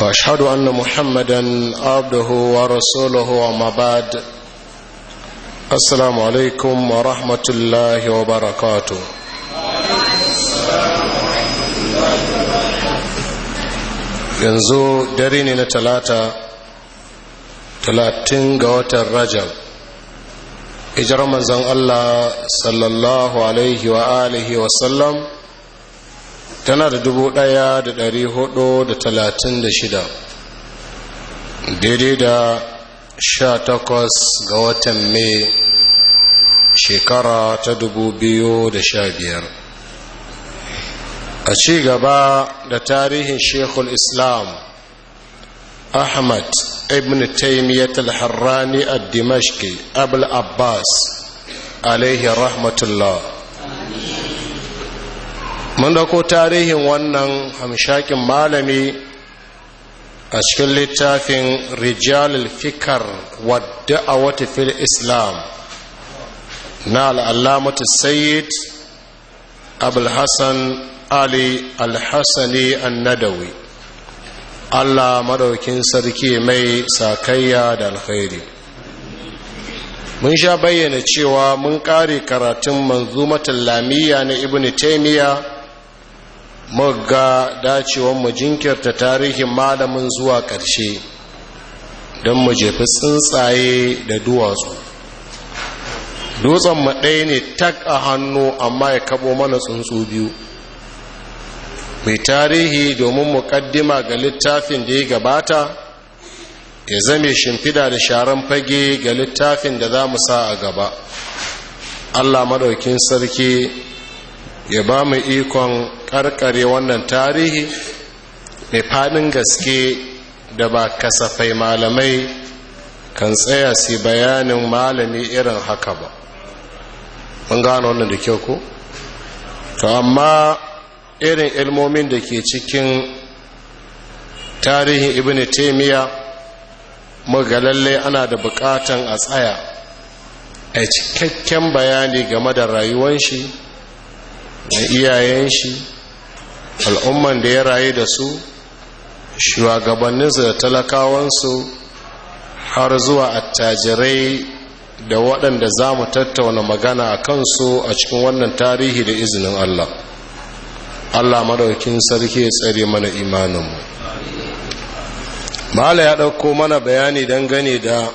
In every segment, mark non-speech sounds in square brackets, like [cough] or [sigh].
واشهد ان محمدا عبده ورسوله وما بعد السلام عليكم ورحمه الله وبركاته yanzu dare ne na talata talatin ga watan rajab ijar manzon allah sallallahu alaihi wa alihi wasallam tana da dubu ɗaya da ɗari hudu da talatin da shida daidai da sha takwas ga watan mai shekara ta dubu biyu da sha biyar a ci gaba da tarihin shekul islam ahmad ibn taimiyyat al-harrani al-dimashki abul abbas alaihi rahmatullah mun dauko tarihin wannan hamshakin malami a cikin littafin rijal fikar wadda a wata fil islam na al'allamatu sayyid abulhassan ali alhassani annadawi allah madaukin sarki mai sakayya da alkhairi mun sha bayyana cewa mun kare karatun manzumatin lamiya na ibn taimiyya muga dacewar mu jinkirta tarihin malamin zuwa ƙarshe don mu jefi tsuntsaye da duwatsu dutsen mu ɗaya ne tak a hannu amma ya kabo mana tsuntsu biyu mai tarihi domin muƙaddima ga littafin da ya gabata ya zame shimfida da sharan fage ga littafin da za mu sa a gaba allah maɗaukin sarki ya ba mu ikon karkare wannan tarihi mai fadin gaske da ba kasafai malamai kan tsaya su bayanin malami irin haka ba mun gano wannan da kyau ko to amma irin ilmomin da ke cikin tarihin ibn taimiyya muga lalle ana da bukatan a tsaya a cikakken bayani game da rayuwan shi da iyayen shi al'umman da ya rayu da su shugabanninsu da talakawansu har zuwa attajirai da waɗanda za mu tattauna magana a kansu a cikin wannan tarihi da izinin Allah Allah maɗaukin sarki ya tsare mana imaninmu mala ya ɗauko mana bayani dangane da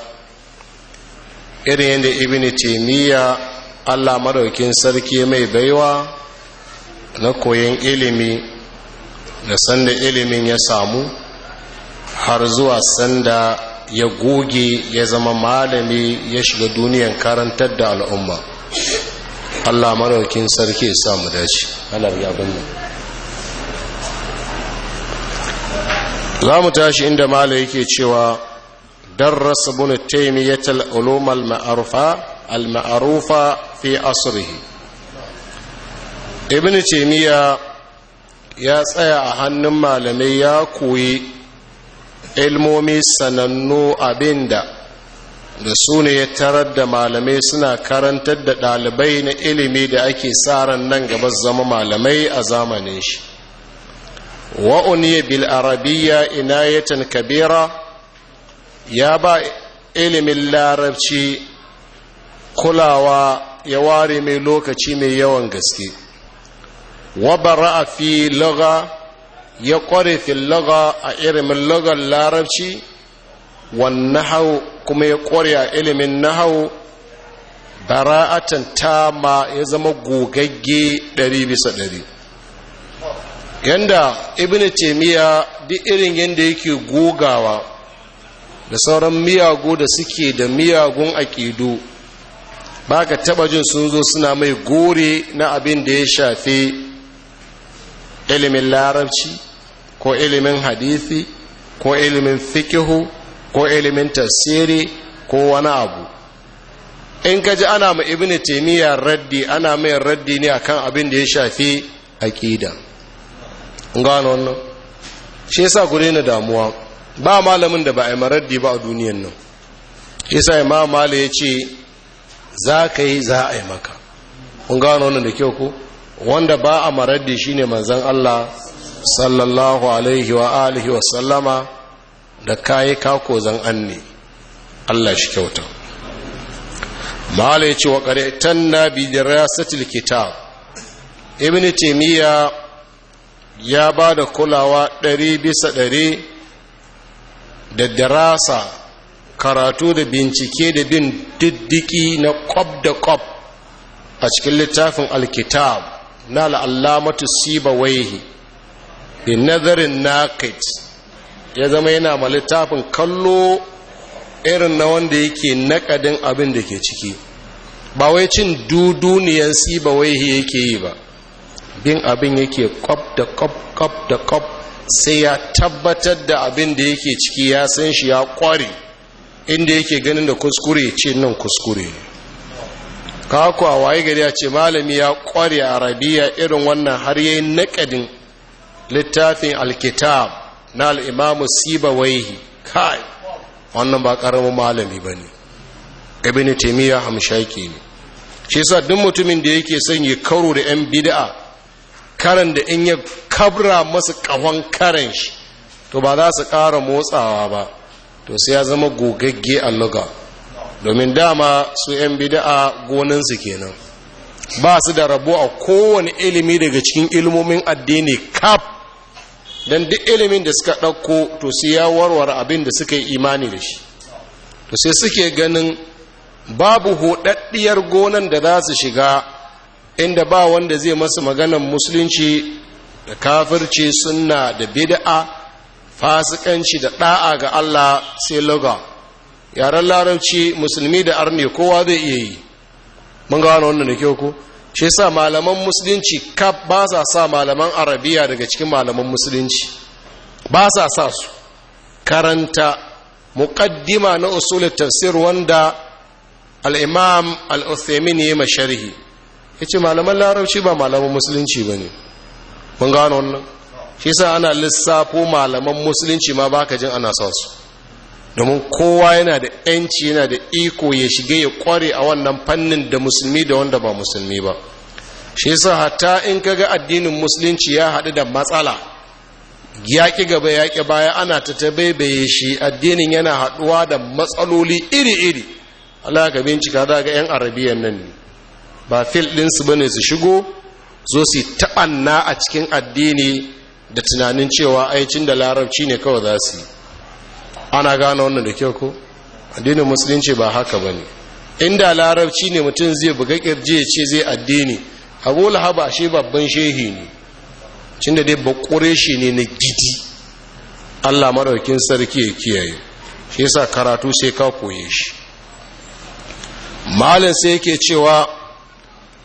irin yadda ibini taimiyya Allah maɗaukin sarki mai baiwa na koyon ilimi da sanda ilimin ya samu har zuwa sanda ya goge ya zama malami ya shiga duniyan karantar da al'umma allah maraukin sarki ya samu dace halar yabin nan za mu tashi inda Malam yake cewa darrasa bunu taimiyyatar ulumar al-ma'arufa fi asirihi ibn taimiyya ya tsaya a hannun malamai ya koyi ilmomi sanannu abinda da su ne ya tarar da malamai suna karantar da ɗalibai na ilimi da ake tsaran nan gaba zama malamai a zamanin shi wa'uniya bil arabiya inayatan kabira ya ba ilimin larabci kulawa ya ware mai lokaci mai yawan gaske wa bara'a fi lugha ya kware fi lugha a ilimin lugar larabci wan hau kuma ya kware a ilimin nahau bara'atan tama ya zama gogagge ɗari bisa ɗari yanda ibn taimiyya duk irin yanda yake gogawa da sauran miyagu da suke da miyagun aƙidu ba ka taɓa jin sun zo suna mai gore na abin da ya shafi ilimin larabci ko ilimin hadisi ko ilimin fikihu ko ilimin tasiri ko wani abu in ka ji ana ma ibn taymiya raddi ana mai raddi ne akan abin da ya shafi aqida gano wannan shi yasa ku daina damuwa ba malamin da ba a raddi ba a duniyan nan shi yasa imam mali ya ce za ka yi za a yi maka gano wannan da kyau ko wanda ba a maraddi shine manzon Allah sallallahu alaihi wa alihi wa sallama da kayi kako zan anne Allah shi kyauta mala yace wa na bi dirasatil kitab ibn taymiya ya ba da kulawa ɗari bisa ɗari da darasa karatu da bincike da bin diddiki na kwab da kwab a cikin littafin alkitab na al'allamatu sibawaihi bin nazarin naqid ya zama yana ma littafin kallo irin na wanda yake naƙadin abin da ke ciki ba wai cin duduniyan sibawaihi yake yi ba bin abin yake kwab da kwab kwab da kwab sai ya tabbatar da abin da yake ciki ya san shi ya kware inda yake ganin da kuskure ce nan kuskure ne ka waye gari ya ce malami ya kware arabiya irin wannan har yayi naƙadin littafin alkitab na al'imamu waihi kai wannan ba ƙaramin malami ba ne ibn taimiyya hamshaki ne shi sa duk mutumin da yake son ya karo da 'yan bid'a karan da in ya kabra masu ƙahon karen shi to ba za su ƙara motsawa ba to sai ya zama gogagge a lugar domin dama su 'yan bida'a gonansu kenan ba su da rabo a kowane ilimi daga cikin ilimomin addini kaf don duk ilimin da suka ɗauko to su ya warware abin da suka yi imani da shi to sai suke ganin babu hudaddiyar gonan da za su shiga inda ba wanda zai masu maganan musulunci da kafirci suna da bida'a, fasikanci da da'a ga Allah sai lagos yaren larabci musulmi da arne kowa zai iya yi mun gano wannan da kyau ko shi sa malaman musulunci kaf ba sa sa malaman arabiya daga cikin malaman musulunci ba sa sa su karanta muqaddima na usul tafsir wanda al-imam al-uthaymin ya masharhi malaman larabci ba malaman musulunci bane mun gano wannan shi sa ana lissafo malaman musulunci ma baka jin ana sa su domin kowa yana da ‘yanci yana da iko ya shige ya kware a wannan fannin da musulmi da wanda ba musulmi ba shi yasa hatta in kaga addinin musulunci ya haɗu da matsala yaƙi gaba yaƙi baya ana ta tabaibaye shi addinin yana haɗuwa da matsaloli iri-iri Allah ka bincika za ga 'yan arabiyan nan ne ba fil ɗinsu ne su shigo zo su taɓanna a cikin addini da tunanin cewa aicin da larabci ne kawai za su yi ana gano wannan da kyau ko addinin musulunci ba haka ba ne inda larabci ne mutum zai buga kirji ya ce zai addini abu lahaba shi babban shehi ne cin da dai bakure shi ne na gidi allah maraukin sarki ya kiyaye shi yasa karatu sai ka koye shi malin sai yake cewa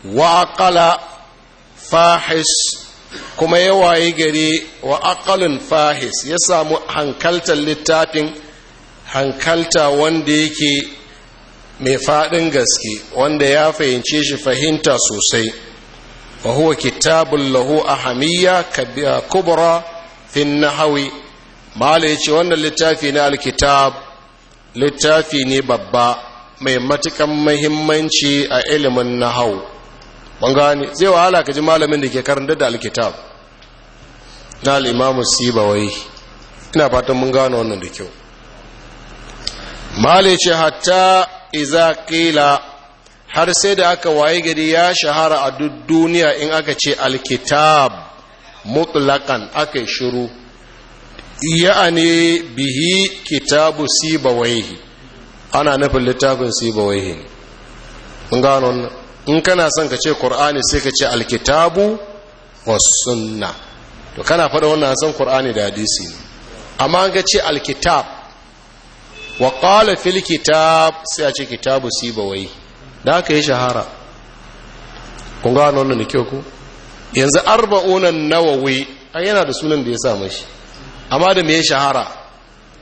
wa aqala fahis kuma ya waye gare wa aqalun fahis ya samu hankaltar littafin hankalta wanda yake mai faɗin gaske wanda ya fahimce shi fahimta sosai wa huwa kitabun lahu ahamiyya kubra fin nahawi mala ya ce wannan littafi na alkitab littafi ne babba mai matukan mahimmanci a ilimin nahau ban gane zai wahala ka ji malamin da ke karanta da alkitab na al'imamu sibawai ina fatan mun gane wannan da kyau mali ce hatta iza kila har sai da aka waye gari ya shahara a duk duniya in aka ce alkitab mutlakan aka yi shuru ya'ani bihi kitabu sibawai ana nufin littafin sibawaihi mun gano wannan in kana son ka ce qur'ani sai ka ce alkitabu wa sunna to kana faɗa wannan son qur'ani da hadisi ne amma an ga ce alkitab wa ƙala fil kitab sai a ce kitabu si ba'wai. da aka yi shahara kun ga wannan da kyau ko yanzu arba'unan nawawi ai yana da sunan da ya sa mashi amma da me ya shahara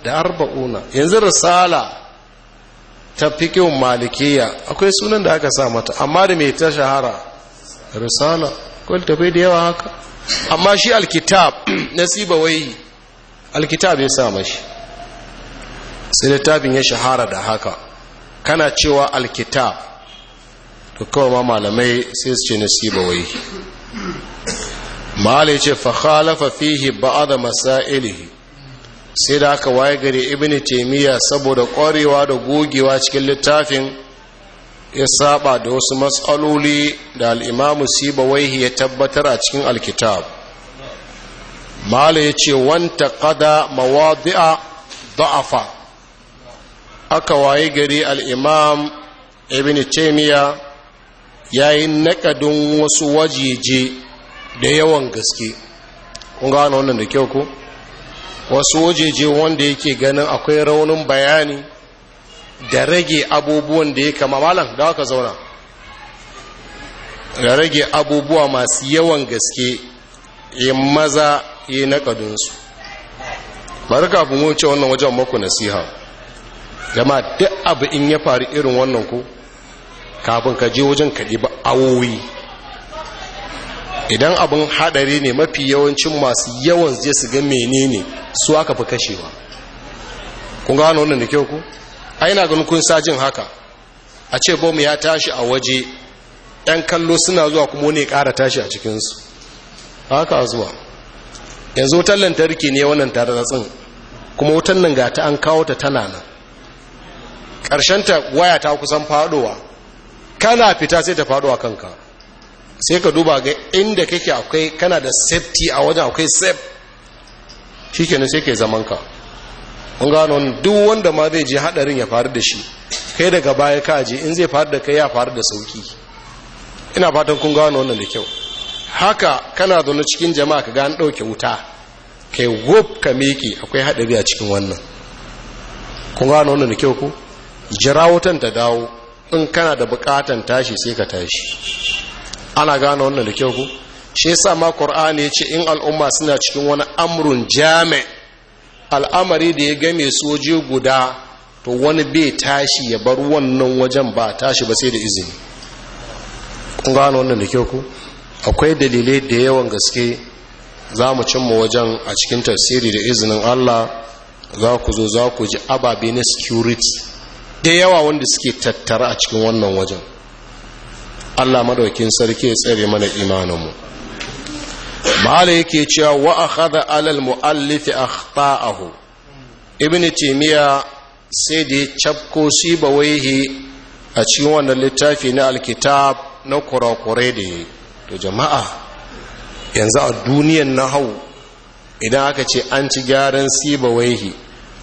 da arba'una yanzu risala ta fikihun malikiya akwai sunan da aka sa mata amma da mai ta shahara risala ko littafai da yawa haka amma shi alkitab [clears throat] nasiba wai alkitab ya sa mashi sai littafin ya shahara da haka kana cewa alkitab to kawai ma malamai sai su ce nasiba wai ya ce fa khalafa fihi ba'da masailihi sai da aka waye gari ibn taimiyya saboda ƙwarewa da gogewa cikin littafin ya saba da wasu matsaloli da al'imamu sibawaihi ya tabbatar a cikin alkitab mala ya ce wanta kada mawadi'a da'afa aka waye gari al'imam ibn taimiyya ya yi naƙadin wasu wajeje da yawan gaske kun gano wannan da kyau ku? wasu wajeje wanda yake ganin akwai raunin bayani da rage abubuwan da ya kama malam da aka zauna da rage abubuwa masu yawan gaske ya eh, maza ya eh, ƙadunsu. bari kafin abin wuce wannan wajen maku nasiha gama duk abu in ya faru irin wannan ku kafin ka je wajen kaɗi ba awowi idan abin hadari ne mafi yawancin masu yawan zai su ga menene su aka fi kashewa kun gano wannan da kyau ku a yana ganin kun jin haka a ce bom ya tashi a waje yan kallo suna zuwa kuma wani ya kara tashi a cikinsu haka zuwa yanzu wutar lantarki ne wannan tare da tsin kuma wutan nan ga ta an kawo ta tana nan Karshen ta waya ta kusan fadowa. kana fita sai ta faɗo kanka sai ka duba ga inda kake akwai kana da safety a wajen akwai safe shikenan sai ke zaman ka kun gano duk wanda ma zai je hadarin ya faru da shi kai daga baya ka je in zai faru da kai ya faru da sauki ina fatan kun gano wannan da kyau haka kana zaune cikin jama'a ka ga ɗauke dauke wuta kai wop ka miki akwai haɗari a cikin wannan kun gano wannan da kyau ko jira wutan ta dawo in kana da bukatan tashi sai ka tashi ana gano wannan da kyau ku shi yasa ma qur'ani ya ce in al'umma suna cikin wani amrun jami al'amari da ya game soje guda to wani bai tashi ya bar wannan wajen ba tashi ba sai da izini kun gano wannan da kyau ku akwai dalilai da yawan gaske za mu cimma wajen a cikin tafsiri da izinin allah za ku zo za ku ji ababe na security da yawa wanda suke tattara a cikin wannan wajen Allah madaukin sarki ya tsare mana imaninmu mala yake cewa wa akhadha alal muallif akhta'ahu ibnu timiya sai da ya cafko waihi a cikin wannan littafi na alkitab na kurakurai da to jama'a yanzu a duniyan nahau idan aka ce an ci gyaran waihi,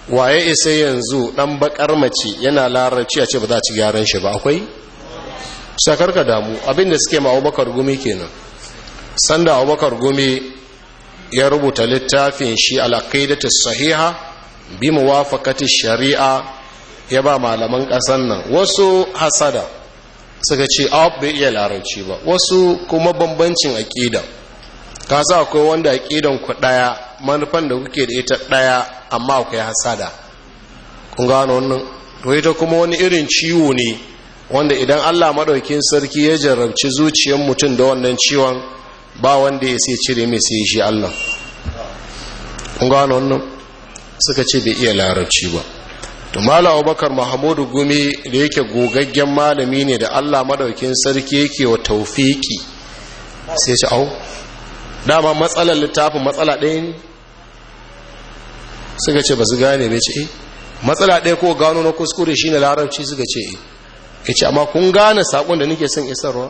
waye isa yanzu dan bakar mace yana larar a ce ba za ci gyaran shi ba akwai Shakar ka damu abinda suke ma abubakar gumi kenan sanda abubakar gumi ya rubuta littafin shi alaƙaidata sahiha bi muwafaqati shari'a ya ba malaman ƙasar nan wasu hasada suka ce abu bai iya larabci ba wasu kuma bambancin aƙida ka sa akwai wanda aƙidan ku ɗaya manufan da kuke da ita ɗaya amma akwai hasada kun gano wannan to ita kuma wani irin ciwo ne wanda idan Allah maɗaukin sarki ya jarrabci zuciyar mutum da wannan ciwon ba wanda ya sai cire mai sai shi Allah kun wannan suka ce bai iya larabci ba to Abubakar Mahamudu Gumi da yake gogaggen malami ne da Allah maɗaukin sarki yake wa taufiki sai shi au dama matsalar littafin matsala ɗaya ne suka ce ba su gane mai ce eh, matsala ɗaya ko gano na kuskure shi ne larabci suka ce eh ya ce amma kun gane saƙon da nake son isarwa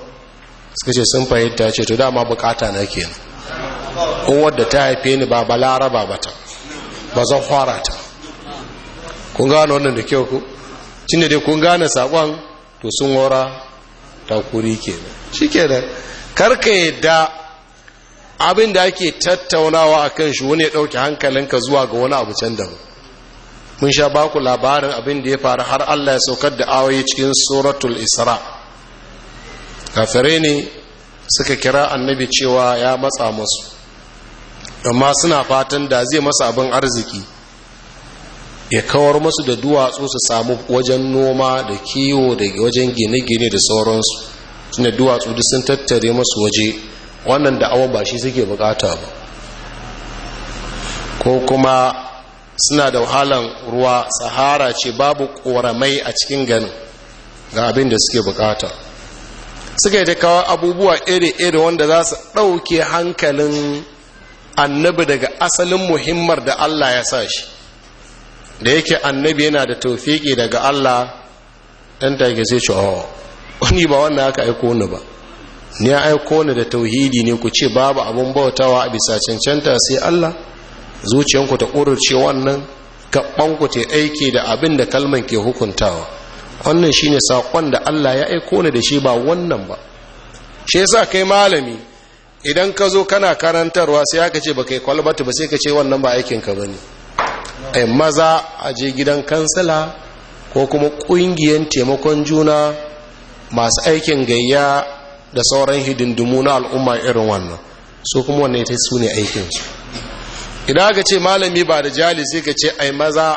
suka ce sun fahimta ce to dama bukata na ke kowar da ta haife ni ba balaraba ba ta ba zan fara ta kun gane wannan da kyau ku cinda dai kun gane saƙon to sun wara kuri ke shi ke da karka yadda abin da ake tattaunawa a kan shi wani ya ɗauke hankalinka zuwa ga wani abu can daban mun sha baku labarin abin da ya faru har Allah ya saukar da awaye cikin suratul isra kafirai ne suka kira annabi cewa ya matsa musu amma suna fatan da zai masa abin arziki ya kawar musu da duwatsu su samu wajen noma da kiwo da wajen gine-gine da sauransu suna duwatsu duk sun tattare masu waje wannan da awon ba shi suke bukata ba ko kuma suna da wahalan ruwa sahara ce babu ƙoramai a cikin ganin ga abin da suke bukata suka yi kawo abubuwa iri-iri wanda za su ɗauke hankalin annabi daga asalin muhimmar da Allah ya sa shi da yake annabi yana da taufiki daga Allah ɗan take sai ce oh wani ba wannan aka aiko ni ba ni ya aiko ni da tauhidi ne ku ce babu abin bautawa a bisa cancanta sai Allah zuciyanku ta ƙudurce wannan gaɓanku ta aiki da abin da kalman ke hukuntawa wannan shine saƙon da allah ya aiko ni da shi ba wannan ba shi yasa kai malami idan ka zo kana karantarwa sai aka ce ba kai kwalbatu ba sai ka ce wannan ba aikinka ba ne ai maza a je gidan kansala ko kuma ƙungiyar taimakon juna masu aikin gayya da sauran hidindimu na al'umma irin wannan su kuma wannan ta su ne aikinsu idan aka ce malami ba da jali sai ka ce ai maza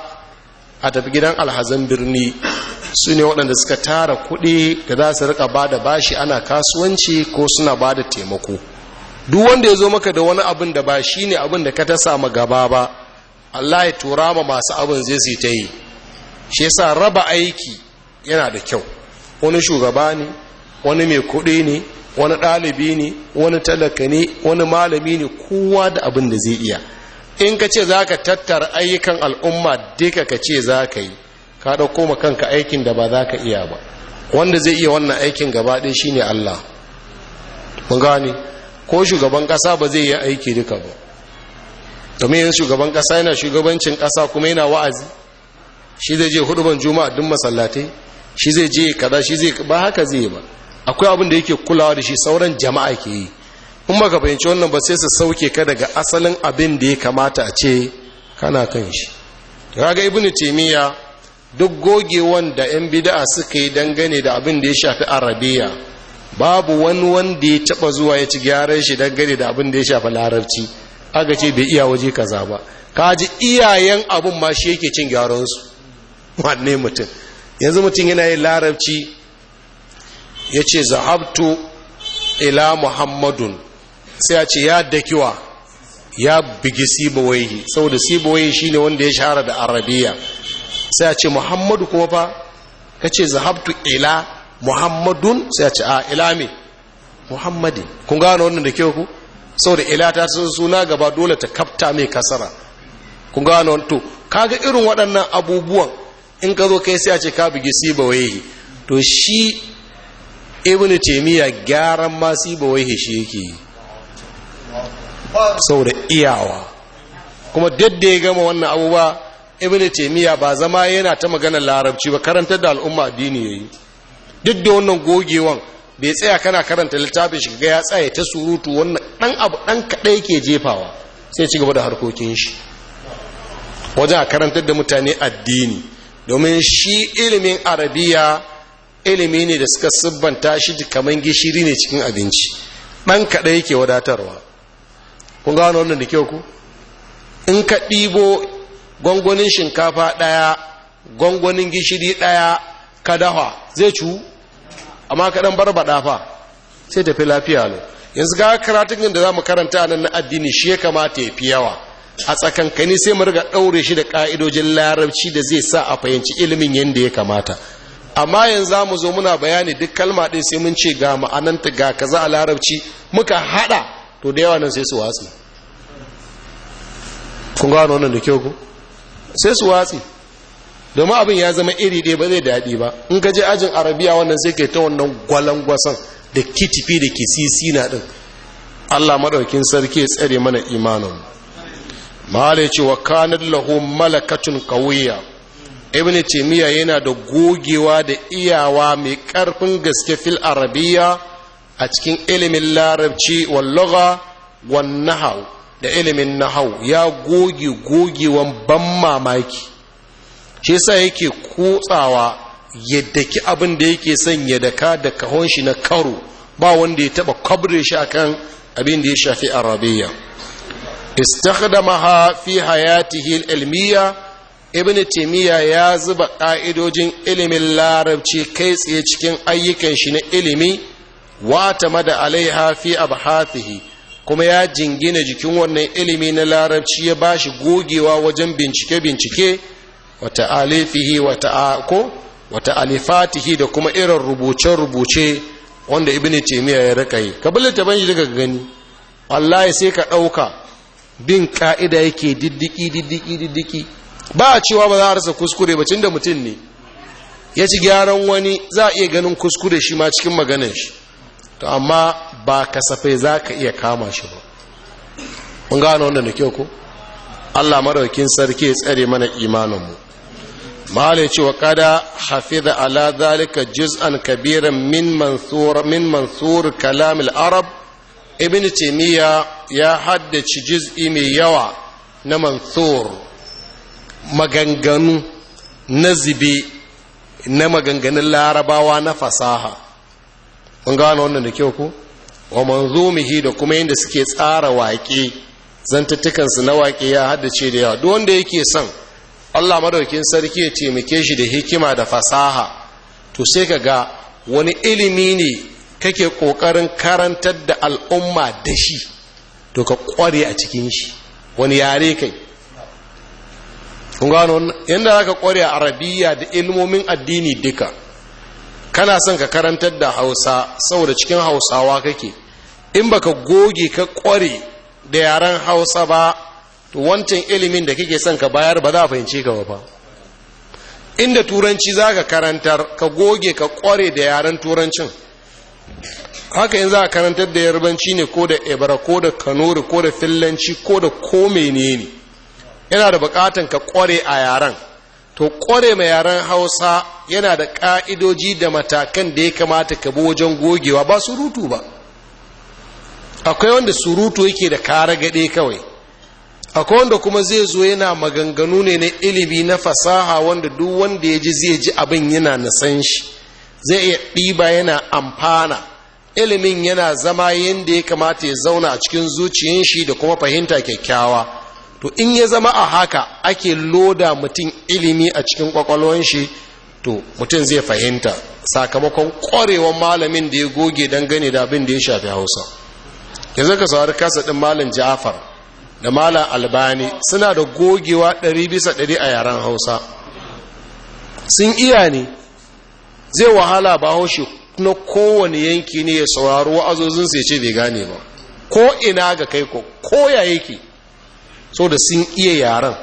a tafi gidan alhazan birni su ne waɗanda suka tara kuɗi da za su rika ba da bashi ana kasuwanci ko suna ba da taimako duk wanda ya zo maka da wani abin da ba shi ne abin da ka ta samu gaba ba allah ya tura ma masu abin zai su ta yi shi yasa raba aiki yana da kyau wani shugaba ne wani mai kuɗi ne wani ɗalibi ne wani talaka ne wani malami ne kowa da abin da zai iya in ka ce za ka tattara ayyukan al'umma duka ka ce za ka yi ka ɗauko ma kanka aikin da ba za ka iya ba wanda zai iya wannan aikin gaba shi shine Allah mun gane ko shugaban ƙasa ba zai yi aiki duka ba domin yin shugaban ƙasa yana shugabancin ƙasa kuma yana wa'azi shi zai je huduban juma'a duk masallatai shi zai je kada shi zai ba haka zai ba akwai abin da yake kulawa da shi sauran jama'a ke yi in ka fahimci wannan ba sai su sauke ka daga asalin abin da ya kamata a ce kana kan shi kaga ibnu taymiya duk gogewan da yan bid'a suka yi dangane da abin da ya shafi arabiya babu wani wanda ya taba zuwa ya ci gyaran shi dangane da abin da ya shafi larabci aga ce bai iya waje kaza ba kaji iyayen abun ma shi yake cin gyaran su wanne mutum yanzu mutum yana yin larabci ya ce zahabtu ila muhammadun sai a ce ya dakiwa ya bigi sibawaihi saboda shi shine wanda ya shahara da arabiya sai a ce muhammadu kuma fa ka ce zahabtu ila muhammadun sai a ce a ila me muhammadi kun gano wannan da kyau ku saboda ila ta sun suna gaba dole ta kafta mai kasara kun gano wannan to kaga irin waɗannan abubuwan in ka zo kai sai a ce ka bigi sibawaihi to shi ibnu taymiya gyaran ma sibawaihi shi yake yi da iyawa kuma duk ya gama wannan abubuwa ibn taimiyya ba zama yana ta magana larabci ba karantar da al'umma addini yi. duk da wannan gogewan bai tsaya kana karanta littafin shi ga ya tsaya ta surutu wannan dan abu dan kadai ke jefawa sai ci gaba da harkokin shi wajen a karantar da mutane addini domin shi ilimin arabiya ilimi ne da suka sibbanta shi kamar gishiri ne cikin abinci dan kadai yake wadatarwa kun gano wannan da kyau ku in ka ɗibo gwangwanin shinkafa ɗaya gwangwanin gishiri ɗaya ka dafa zai ciwu amma ka ɗan barbaɗa fa sai tafi lafiya ne yanzu ga karatun da za mu karanta nan na addini shi ya kamata ya fi yawa a tsakankani sai mu riga ɗaure shi da ƙa'idojin larabci da zai sa a fahimci ilimin yadda ya kamata amma yanzu za mu zo muna bayani duk kalma ɗin sai mun ce ga ma'ananta ga kaza a larabci muka haɗa to da yawa nan sai su watsi kun gano wannan da kyau ku sai su watsi domin abin ya zama iri ɗaya ba zai daɗi ba in ka je ajin arabiya wannan sai ke ta wannan gwalangwasan da kitifi da kisisi na ɗin allah maɗaukin sarki ya tsare mana imanin ya ce wa kanar laho malakatun kawuyya ibn timiya yana da gogewa da iyawa mai ƙarfin gaske fil arabiya a cikin ilimin larabci wallaga wan nahau da ilimin nahau ya goge gogewan ban mamaki shi sa yake kotsawa yadda ki abin da yake son yadaka daka da kahon shi na karo ba wanda ya taba kabre shi akan abin da ya shafi arabiya istakhdamaha fi hayatihi al-ilmiyya ibn timiya ya zuba ƙa'idojin ilimin larabci kai tsaye cikin ayyukan shi na ilimi wata mada alaiha fi abhathihi kuma ya jingina jikin wannan ilimi na larabci ya bashi gogewa wajen bincike bincike wa ta'alifihi wa ako wa ta'alifatihi da kuma irin rubuce rubuce wanda Ibn taymiya ya rika yi ka ta banji daga gani wallahi sai ka ɗauka bin ka'ida yake diddiki diddiki diddiki ba a cewa ba za a rasa kuskure ba da mutum ne ya ci gyaran wani za a iya ganin kuskure shi ma cikin maganar shi to amma ba kasafai za ka iya kama shi ba mun gano wanda da kyau ku? allah maraukin sarki ya tsare mana imaninmu malai cewa kada hafiza ala zalika juz'an kabiran min mansur min mansur kalamil arab ibn taymiya ya haddace juz'i mai yawa na mansur maganganu na zibe na maganganun larabawa na fasaha kun gano wannan da kyau ku? wa manzumihi da kuma yadda suke tsara waƙe zantattukansu na waƙe ya haddace da yawa duk wanda yake son Allah madaukin sarki ya taimake shi da hikima da fasaha to sai ka ga wani ilimi ne kake ƙoƙarin karantar da al'umma da shi to ka kware a cikin shi wani yare kai kun gano yadda za ka ƙware a arabiya da ilmomin addini duka kana son ka karantar da hausa saboda cikin hausawa kake in baka goge ka kware da yaren hausa ba to wancan ilimin da kake son ka bayar ba za a fahimce ka ba inda turanci za ka karantar ka goge ka kware da yaren turancin haka in za a karantar da yarbanci ne ko da ebara ko da kanuri ko da fillanci ko da ko menene yana da bukatan ka kware a yaren to ƙware mai yaren hausa yana da ƙa'idoji da matakan da ya kamata ka bi wajen gogewa ba surutu ba akwai wanda surutu yake da kara gaɗe kawai akwai wanda kuma zai zo yana maganganu ne na ilimi na fasaha wanda duk wanda ya ji zai ji abin yana nasan shi zai iya ɗiba yana amfana ilimin yana zama yadda ya kamata ya zauna a cikin zuciyar shi da kuma fahimta kyakkyawa to in ya zama a haka ake loda mutum ilimi a cikin kwakwalwan shi to mutum zai fahimta sakamakon ƙwarewan malamin da ya goge don gane da abin da ya shafi hausa yanzu ka saurari kasa ɗin malam Jafar da malam albani suna da gogewa ɗari bisa ɗari a yaren hausa sun iya ne zai wahala ba haushe na kowane yanki ne ya saurari wa'azozinsu ya ce bai gane ba ko ina ga kai ko ko ya yake so da sun iya yaren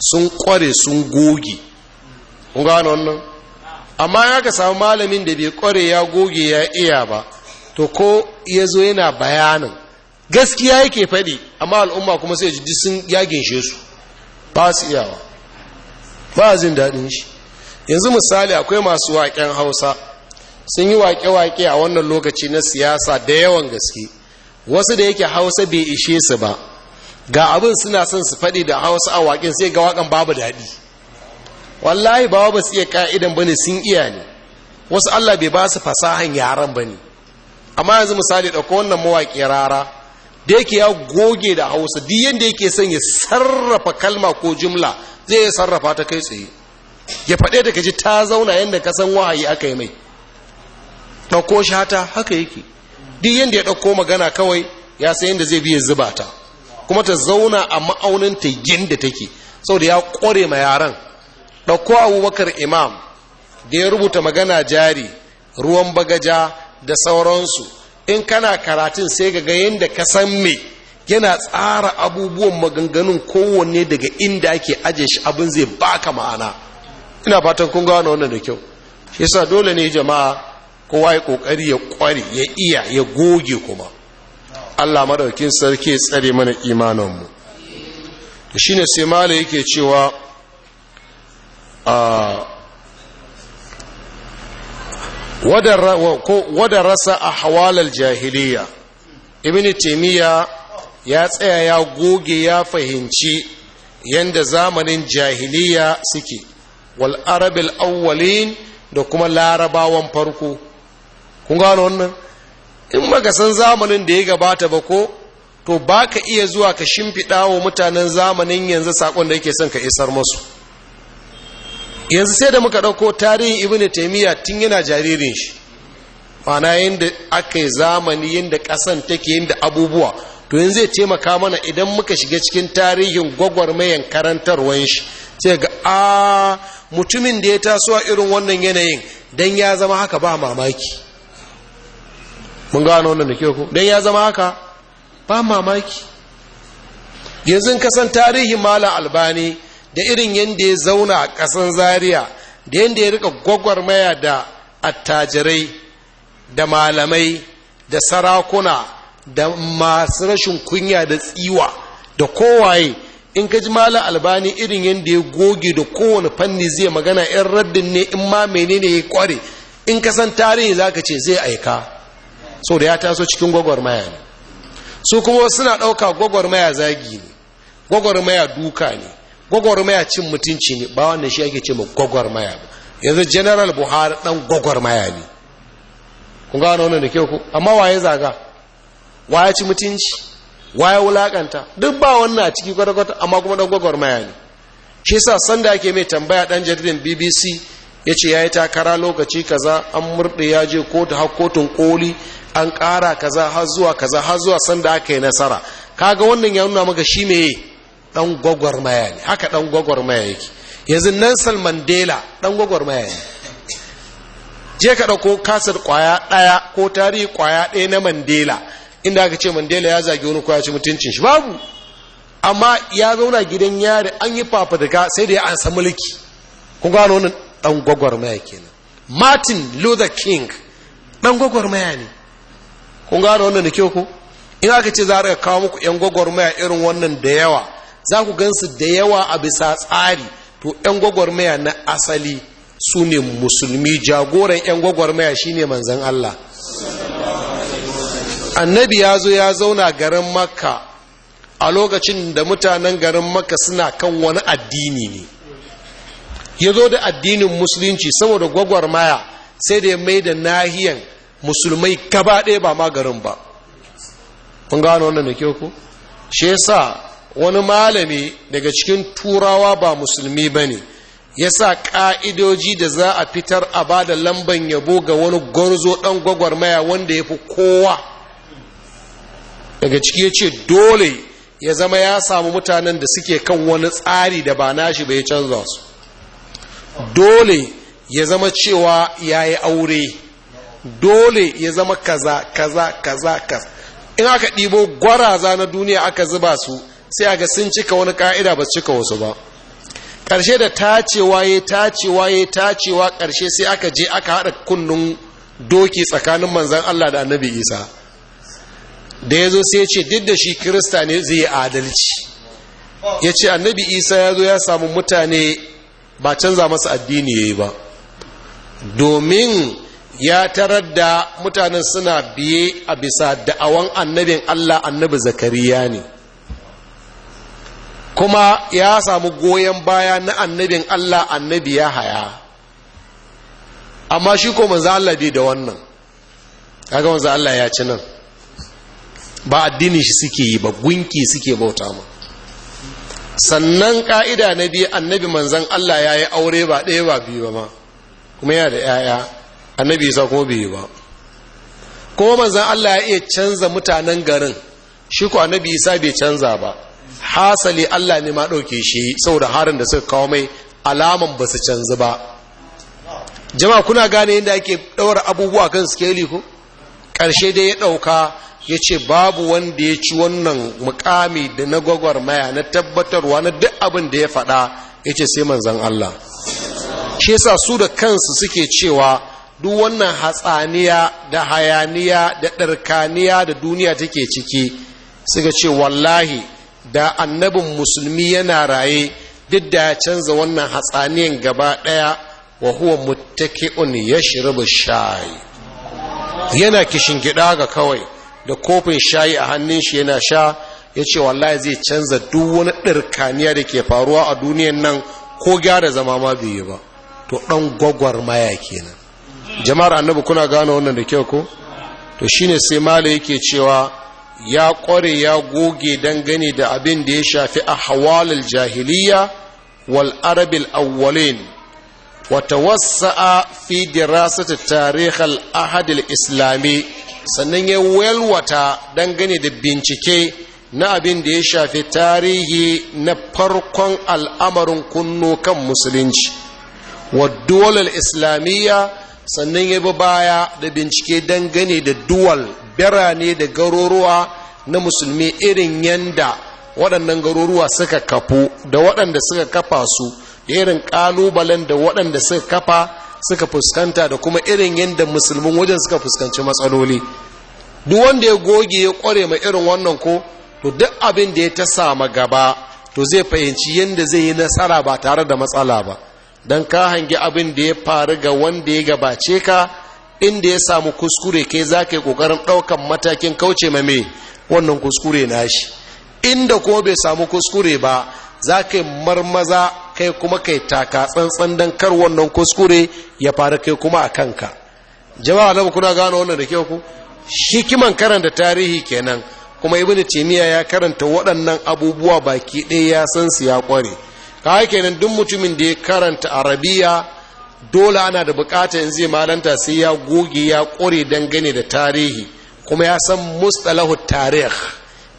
sun kware sun goge gano wannan amma ya ka samu malamin da bai kware ya goge ya iya ba to ko ya zo yana bayanin gaskiya yake faɗi amma al'umma kuma sai ji sun yagin shi su ba su iyawa ba jin daɗin shi yanzu misali akwai masu waƙen hausa sun yi waƙe-waƙe a wannan lokaci na siyasa da yawan gaske wasu da yake hausa bai ishe su ba ga abin suna son su faɗi da hausa a waƙin sai ga waƙan babu daɗi wallahi ba ba su iya ka'idan ba ne sun iya ne wasu allah bai ba su fasahan yaran ba ne amma yanzu misali ɗauko wannan mawaƙi rara da yake ya goge da hausa duk yadda yake son ya sarrafa kalma ko jumla zai iya sarrafa ta kai tsaye ya faɗe da kaji ta zauna yadda ka san wahayi aka yi mai ɗauko shata haka yake duk yadda ya ɗauko magana kawai ya san yadda zai ya zuba ta kuma ta zauna a ma'aunin ta yinda take saboda ya kware ma yaran ɗauko abubakar imam da ya rubuta magana jari ruwan bagaja da sauransu in kana karatun sai ga yadda ka san me yana tsara abubuwan maganganun kowanne daga inda ake aje shi abin zai baka ma'ana ina fatan kun gano wannan da kyau shi yasa dole ne jama'a kowa ya kokari ya kware ya iya ya goge kuma Allah madaukin sarki tsare mana imaninmu shine sai mala yake cewa wadda rasa a hawalar jahiliya ibn taimiyya ya tsaya ya goge ya fahimci yadda zamanin jahiliya suke wal arabil awwalin da kuma larabawan farko kun gano wannan in baka san zamanin da ya gabata ba ko to ba ka iya zuwa ka shimfiɗa wa mutanen zamanin yanzu sakon da yake son ka isar musu yanzu sai da muka ɗauko tarihin ibn taimiyya tun yana jaririn shi mana yadda aka yi zamani yadda ƙasan take yadda abubuwa to yanzu zai taimaka mana idan muka shiga cikin tarihin gwagwarmayan karantarwan shi sai ga a mutumin da ya taso a irin wannan yanayin Dan ya zama haka ba mamaki mun gano wannan da ke ku don ya zama haka ba mamaki yanzu kasan tarihin malam albani da irin yadda ya zauna a ƙasan zaria da yadda ya rika gwagwarmaya da attajirai da malamai da sarakuna da masu rashin kunya da tsiwa da kowaye in ka ji malam albani irin yadda ya goge da kowane fanni zai magana 'yan raddin ne in ma menene ya kware in ka san tarihi za ka ce zai aika so da ya taso cikin gwagwarmaya ne su kuma suna ɗauka gwagwarmaya zagi ne gwagwarmaya duka ne gwagwarmaya cin mutunci ne ba wanda shi ake ce ma gwagwarmaya ba yanzu general buhari ɗan gwagwarmaya ne kun gano wannan da kyau ku amma waye zaga waye ci mutunci waye wulakanta duk ba wannan a ciki kwata-kwata amma kuma ɗan gwagwarmaya ne shi sa sanda ake mai tambaya ɗan jaridin bbc ya ce ya yi takara lokaci kaza an murɗe ya je kotu har kotun koli an ƙara kaza har zuwa kaza har zuwa sanda aka yi nasara kaga wannan ya nuna maka shi mai dan maya ne haka dan maya yake yanzu Nelson Mandela dan gwagwar maya ne je ka ɗauko kasar kwaya daya ko tarihi kwaya daya na Mandela inda aka ce Mandela ya zagi wani kwaya ci mutuncin shi babu amma ya zauna gidan yari an yi fafutuka sai da ya ansa mulki kun gano wannan dan gwagwar maya kenan Martin Luther King dan gwagwar maya ne kun gano wannan da kyau ko, in aka ce za a kawo muku yan gwagwarmaya irin wannan da yawa za ku gansu da yawa a bisa tsari to yan gwagwarmaya na asali su ne musulmi jagoran yan gwagwarmaya shine manzan Allah annabi ya zo ya zauna garin makka a lokacin da mutanen garin makka suna kan wani addini ne ya zo da addinin musulunci saboda gwagwarmaya sai da ya mai da nahiyan musulmai gaba ɗaya ba ma garin ba kun gano wannan da kyau ku shi yasa wani malami daga cikin turawa ba musulmi ba ne ya sa ƙa'idoji da za a fitar a ba da lamban yabo ga wani gwarzo ɗan gwagwarmaya wanda ya fi kowa daga ciki ya ce dole ya zama ya samu mutanen da suke kan wani tsari da ba nashi bai canza su dole ya zama cewa ya yi aure dole ya zama kaza kaza kaza kaza in aka ɗibo gwaraza na duniya aka zuba su sai aga sun cika wani ka'ida ba su cika wasu ba ƙarshe da tacewa ya tacewa ya tacewa ƙarshe sai aka je aka haɗa kunnun doki tsakanin manzan Allah da annabi isa da ya zo sai ya ce duk da shi kirista ne zai adalci ya ce annabi isa ya zo ya samu mutane ba canza masa addini ya yi ba domin ya tarar da mutanen suna biye a bisa da'awan annabin Allah annabi zakariya ne kuma ya samu goyon baya na annabin Allah annabi ya haya amma shi ko manzo Allah da wannan kaga manzo Allah ya ci nan ba addini shi suke yi ba gunki suke bauta ma sannan ka'ida na biyu annabi manzon Allah ya yi aure ba ɗaya ba biyu ba ma kuma yana da 'ya'ya annabi isa kuma bai ba kuma manzan Allah ya iya canza mutanen garin shi ko annabi isa bai canza ba hasali Allah ne ma ɗauke shi saboda harin da suka kawo mai alaman ba su canzu ba jama'a kuna gane yadda ake ɗaura abubuwa kan skeli ko ƙarshe dai ya ɗauka ya ce babu wanda ya ci wannan mukami da na gwagwarmaya na tabbatarwa na duk abin da ya faɗa ya ce sai manzan Allah shi yasa su da kansu suke cewa duk wannan hatsaniya da hayaniya da ɗarkaniya da duniya take ciki suka ce wallahi da annabin musulmi yana raye duk da ya canza wannan hatsaniyan gaba ɗaya wa huwa muttaki'un yashrabu shayi yana kishin gida ga kawai da kofin shayi a hannun shi yana sha ya ce wallahi zai canza duk wani ɗarkaniya da ke faruwa a duniyan nan ko gyara zama ma bai yi ba to ɗan gwagwar ya kenan jama'ar annabi kuna gane wannan da kyau ko to shine sai mala yake cewa ya ƙware ya goge dangane da abin da ya shafi a hawalil jahiliya wal arabil awwalin wa tawassa'a fi dirasati tarikh al ahad al islami sannan ya welwata dangane da bincike na abin da ya shafi tarihi na farkon al'amarin kunno kan musulunci wa duwal islamiyya sannan ya bi baya da bincike dangane da duwal birane da garuruwa na musulmi irin yanda waɗannan garuruwa suka kafu da waɗanda suka kafa su da irin ƙalubalen da waɗanda suka kafa suka fuskanta da kuma irin yadda musulmin wajen suka fuskanci matsaloli duk wanda ya goge ya ƙware ma irin wannan ko to duk abin da ya ta sama gaba to zai fahimci yadda zai yi nasara ba tare da matsala ba don ka hangi abin da ya faru ga wanda ya gabace ka inda ya samu kuskure kai za ka yi ƙoƙarin ɗaukan matakin kauce mame wannan kuskure na shi, inda kuma bai samu kuskure ba za ka yi marmaza kai kuma kai taka tsantsan don kar wannan kuskure ya faru kai kuma a kanka jama'a na kuna gano wannan da kyau ku hikiman karanta tarihi kenan kuma ibnu timiya ya karanta waɗannan abubuwa baki ɗaya ya san su ya ƙware ka kenan duk mutumin da ya karanta arabiya dole ana da bukata in zai malanta sai ya goge ya kore dangane da tarihi kuma ya san mustalahu tarih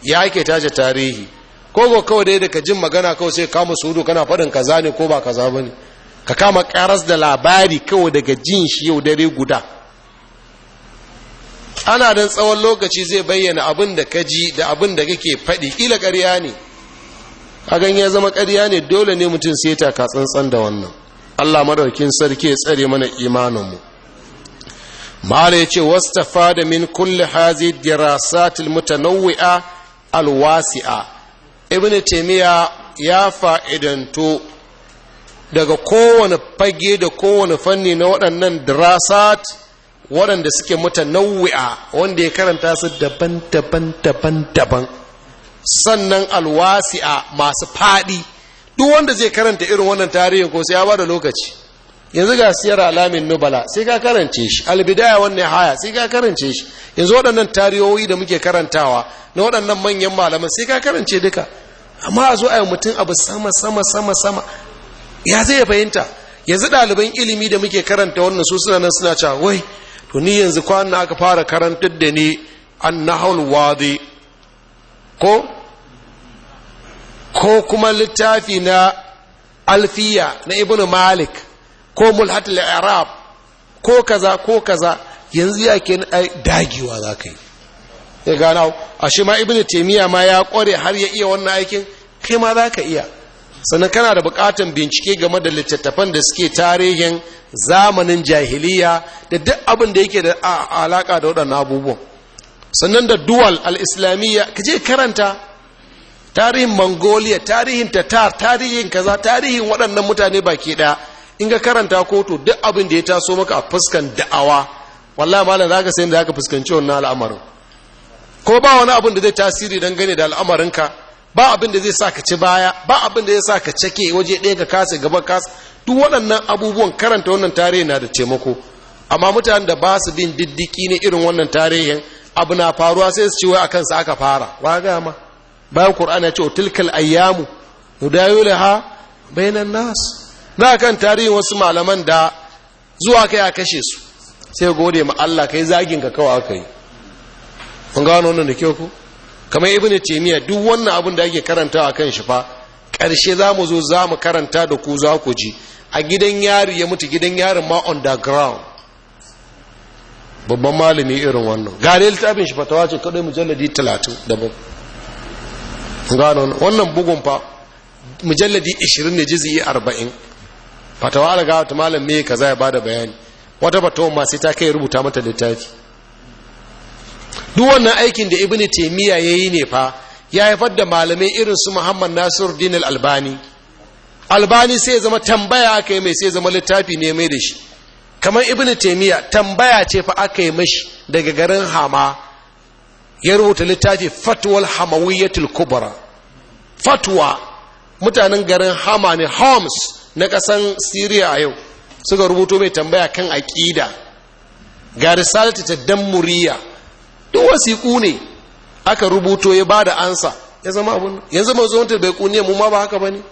ya ke tace tarihi ko ko kawai dai daga jin magana kawai sai kama sudu kana faɗin kaza ne ko ba kaza ba ne ka kama karas da labari kawai daga jin shi yau dare guda ana dan tsawon lokaci zai bayyana abin da ka ji da abin da kake faɗi ƙila ƙarya ne Hagan ya zama ƙarya ne dole ne mutum sai ta ka tsantsan da wannan Allah madaukin sarki ya tsare mana imaninmu mara ya ce wastafa da min kulle hazi dirasatil mutanawwi'a alwasi'a ibn taimiyya ya fa'idanto daga kowane fage da kowane fanni na waɗannan dirasat waɗanda suke mutanawwi'a wanda ya karanta su daban-daban daban-daban sannan alwasi'a masu faɗi duk wanda zai karanta irin wannan tarihin ko sai ya bada lokaci yanzu ga siyar alamin nubala sai ka karance shi albidaya wannan haya sai ka karance shi yanzu waɗannan tarihoyi da muke karantawa na waɗannan manyan malaman sai ka karance duka amma a zo a yi mutum abu sama sama sama sama ya zai fahimta yanzu ɗaliban ilimi da muke karanta wannan su suna nan suna cewa wai to ni yanzu kwanan aka fara karantar da ni an nahawul wadi ko ko kuma littafi na alfiya na Ibn malik ko mulhatul arab ko kaza ko kaza yanzu ya ke dagiwa za ka yi ya gana a shi ma ibnu taimiyya ma ya kware har ya iya wannan aikin kai ma za ka iya sannan kana da bukatan bincike game da littattafan da suke tarihin zamanin jahiliya da duk abin da yake da alaka da waɗannan abubuwan sannan da duwal al'islamiyya ka je karanta tarihin mongolia tarihin tatar tarihin kaza tarihin waɗannan mutane baki ɗaya in ka karanta kotu duk abin da ya taso maka a fuskan da'awa wallah malam za ka sayin da haka fuskanci wannan al'amarin ko ba wani abin da zai tasiri don gane da al'amarinka ba abin da zai sa ka ci baya ba abin da zai sa ka cake waje ɗaya ka kasa gaba kasa duk waɗannan abubuwan karanta wannan tarihi na da taimako amma mutanen da ba su bin diddiki ne irin wannan tarihin abu na faruwa sai su ce wai akan sa aka fara wa ga ma bayan qur'ani ya ce tilkal ayyamu yudawilaha bainan nas na kan tarihin wasu malaman da zuwa kai a kashe su sai gode ma Allah kai zagin ka kawai aka yi kun gano wannan da kyau ko kamar ibnu taymiya duk wannan abin da ake karantawa kan shi fa karshe za mu zo za mu karanta da ku za ku ji a gidan yari ya mutu gidan yarin ma on the ground babban malami irin wannan gane littafin shi fatawa ce kadai mujalladi talatin daban gano wannan bugun fa mujalladi ashirin ne jizi arba'in fatawa daga wata malam mai kaza ya bada bayani wata fatawa ma sai ta kai rubuta mata littafi duk wannan aikin da ibnu ya yi ne fa ya haifar da malamai irin su muhammad nasiru din albani albani sai zama tambaya aka yi mai sai zama littafi ne mai da shi kamar ibnu taimiyya tambaya ce fa aka yi mashi daga garin hama ya rubuta littafi fatwal hamawiyyatul kubra fatwa mutanen garin hama ne homs na ƙasan Siriya a yau suka rubuto mai tambaya kan aƙida ga risalata ta dan muriya duk wasiƙu ne aka rubuto ya bada ansa ya zama abun yanzu mazo wanta bai kuniya mu ma ba haka bane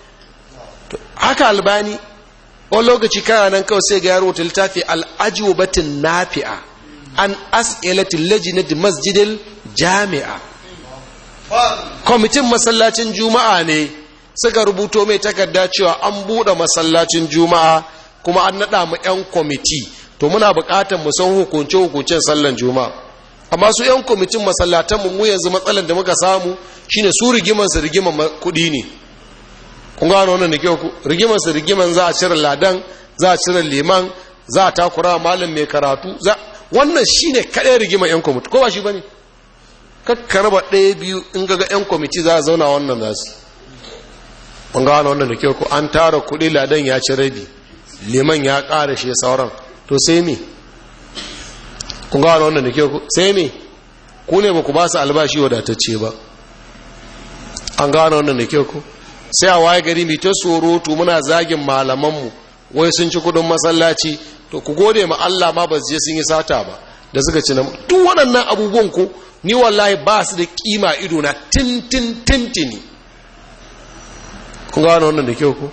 haka albani wani lokaci kana nan kawai sai ga yaro ta littafi al'ajubatin nafi'a an as'ilatil na masjidil jami'a kwamitin masallacin juma'a ne suka rubuto mai takarda cewa an buɗe masallacin juma'a kuma an naɗa mu 'yan kwamiti to muna buƙatar mu san hukunce hukuncen sallan juma'a amma su 'yan kwamitin masallatan mu yanzu matsalar da muka samu shine su rigiman su rigiman kuɗi ne kun gano wannan da kyau rigimar su rigiman za a cire ladan za a cire liman za a takura malam mai karatu za wannan shine kadai rigimar yan kwamiti ko ba shi bane kakka ba ɗaya biyu in ga yan kwamiti za a zauna wannan su. kun gano wannan da kyau ko an tara kuɗi ladan ya ci rabi liman ya ƙara shi sauran to sai me kun gano wannan da kyau ko sai me ku ne ba ku ba su albashi wadatacce ba an gano wannan da kyau ko sai a waye gari mai ta to muna zagin malamanmu wai sun ci kudin masallaci to ku gode ma Allah ma ba je sun yi sata ba da suka ci nan duk waɗannan abubuwan ko ni wallahi ba su da kima ido na tintin tintini kun ga wannan da kyau ko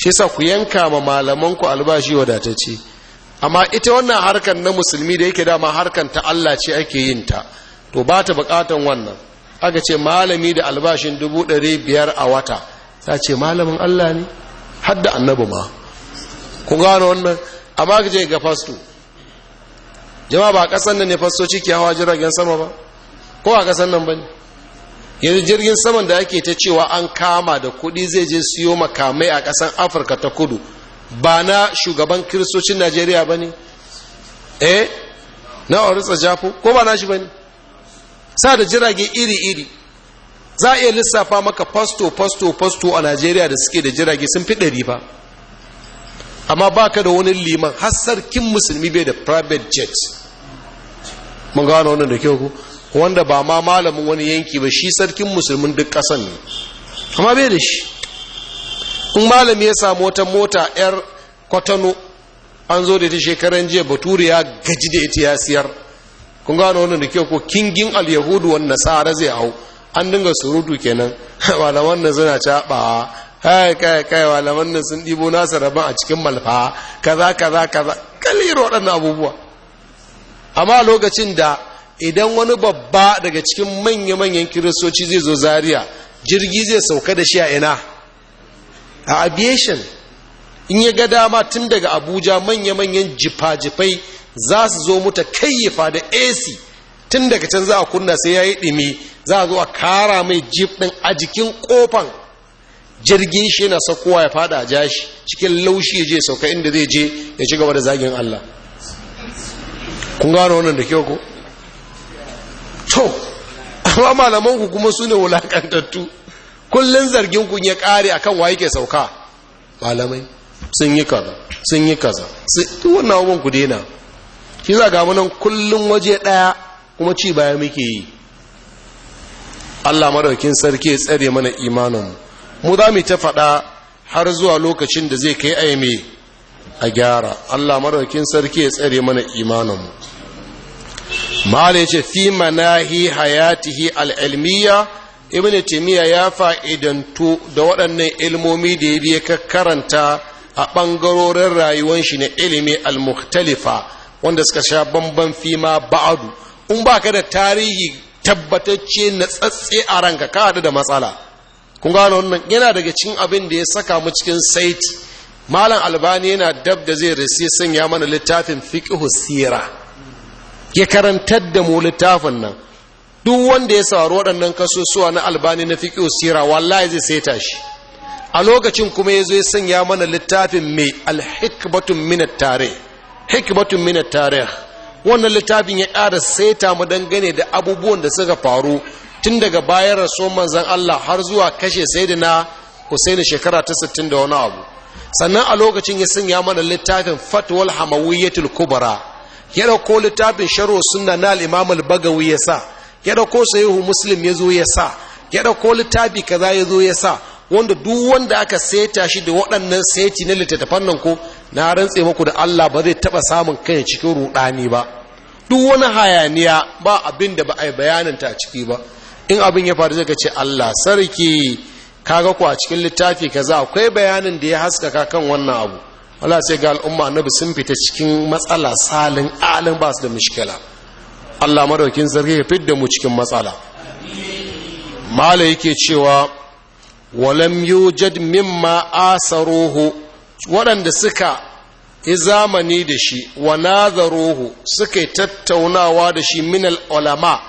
shi yasa ku yanka ma malaman ku albashi wadatacce amma ita wannan harkar na musulmi da yake dama harkar ta Allah ce ake yin ta to ba ta bukatan wannan aka ce malami da albashin dubu ɗari biyar a wata ta ce malamin Allah ne hadda annabi ma ku gano wannan amma ka je ga fasto jama'a ba a ƙasar nan ne fasto ke hawa jiragen sama ba ko a ƙasar nan ba ne yanzu jirgin saman da ake ta cewa an kama da kuɗi zai je siyo makamai a ƙasar afirka ta kudu ba na shugaban kiristocin najeriya ba ne eh na orisa jafo ko ba na shi ba ne sa da jirage iri-iri za a iya lissafa maka fasto fasto fasto a najeriya da suke da jirage sun fi ɗari ba amma ba ka da wani liman har sarkin musulmi bai da private jet mun gano wannan da kyau wanda ba ma malamin wani yanki ba shi sarkin musulmin duk ƙasan ne amma bai da shi in malami ya samu wata mota yar kwatano an zo da ta shekaran jiya bature ya gaji da ita ya siyar kun gano wannan da kyau ko kingin al-yahudu wan nasara zai hau an dinga surutu kenan [laughs] malaman nan suna caɓawa kai kai kai malaman nan sun ɗibo nasa rabin a cikin malfa kaza kaza kaza kallir waɗannan abubuwa amma lokacin da idan wani babba daga cikin manya-manyan kiristoci zai zo Zariya, jirgi zai sauka da shi a ina a aviation in ya ga dama tun daga abuja manya-manyan jifa-jifai za su zo muta kayyafa da ac tun daga can za a kunna sai ya yi ɗimi za a zo a kara mai jif ɗin a jikin ƙofan jirgin shi na sakowa ya fada a jashi cikin laushi ya je sauka inda zai je ya ci gaba da zagin Allah kun gano wannan da kyau ko to amma malamanku kuma su ne wulakantattu kullum zargin ku ya kare akan waye ke sauka malamai sun yi kaza sun yi kaza duk wannan abubuwan ku daina shi za ga nan kullum waje ɗaya? kuma ci baya muke yi Allah madaukin sarki ya tsare mana imanin mu za mu ta faɗa har zuwa lokacin da zai kai aime a gyara Allah madaukin sarki ya tsare mana imanin mu mala yace fi manahi hayatihi al-ilmiya ibnu taymiya ya fa'idantu da waɗannan ilmomi da ya biya ka karanta a ɓangarorin rayuwar shi na ilimi al-mukhtalifa wanda suka sha bamban fi ma ba'adu in ba ka da tarihi tabbatacce na tsatse a ranka ka da matsala kun gano wannan yana daga cikin abin da ya saka mu cikin saiti malam albani yana dab da zai rasi sanya mana littafin fiqhu sira ya karantar da mu littafin nan duk wanda ya saurari waɗannan kasusuwa na albani na fiqhu sira wallahi zai saita shi a lokacin kuma ya zo ya sanya mana littafin mai alhikbatun minat tare. hikbatun minat tare. wannan littafin ya ƙara saita mu dangane da abubuwan da suka faru tun daga bayan rasuwar manzan Allah har zuwa kashe sayyidina Husaini shekara ta sittin da wani abu sannan a lokacin ya sanya mana littafin Fatwal Hamawiyyatul Kubra ya dauko littafin sharo Sunna na al-Imam al-Bagawi ya sa ya dauko Sahih Muslim ya zo ya sa ya dauko littafi kaza ya zo ya sa wanda duk wanda aka seta shi da waɗannan seti na littattafan nan ko na rantse muku da Allah ba zai taɓa samun kai cikin ruɗani ba duk wani hayaniya ba abin da ba a yi bayanin ta ciki ba in abin ya faru zai ce Allah sarki kaga ku a cikin littafi kaza akwai bayanin da ya haskaka kan wannan abu Allah sai ga al'umma annabi sun fita cikin matsala salin alin ba su da mushkila Allah madaukin sarki ya fidda mu cikin matsala mala yake cewa walam yujad mimma asaruhu waɗanda suka yi zamani da shi wa nazaruhu suka yi tattaunawa da shi minal ulama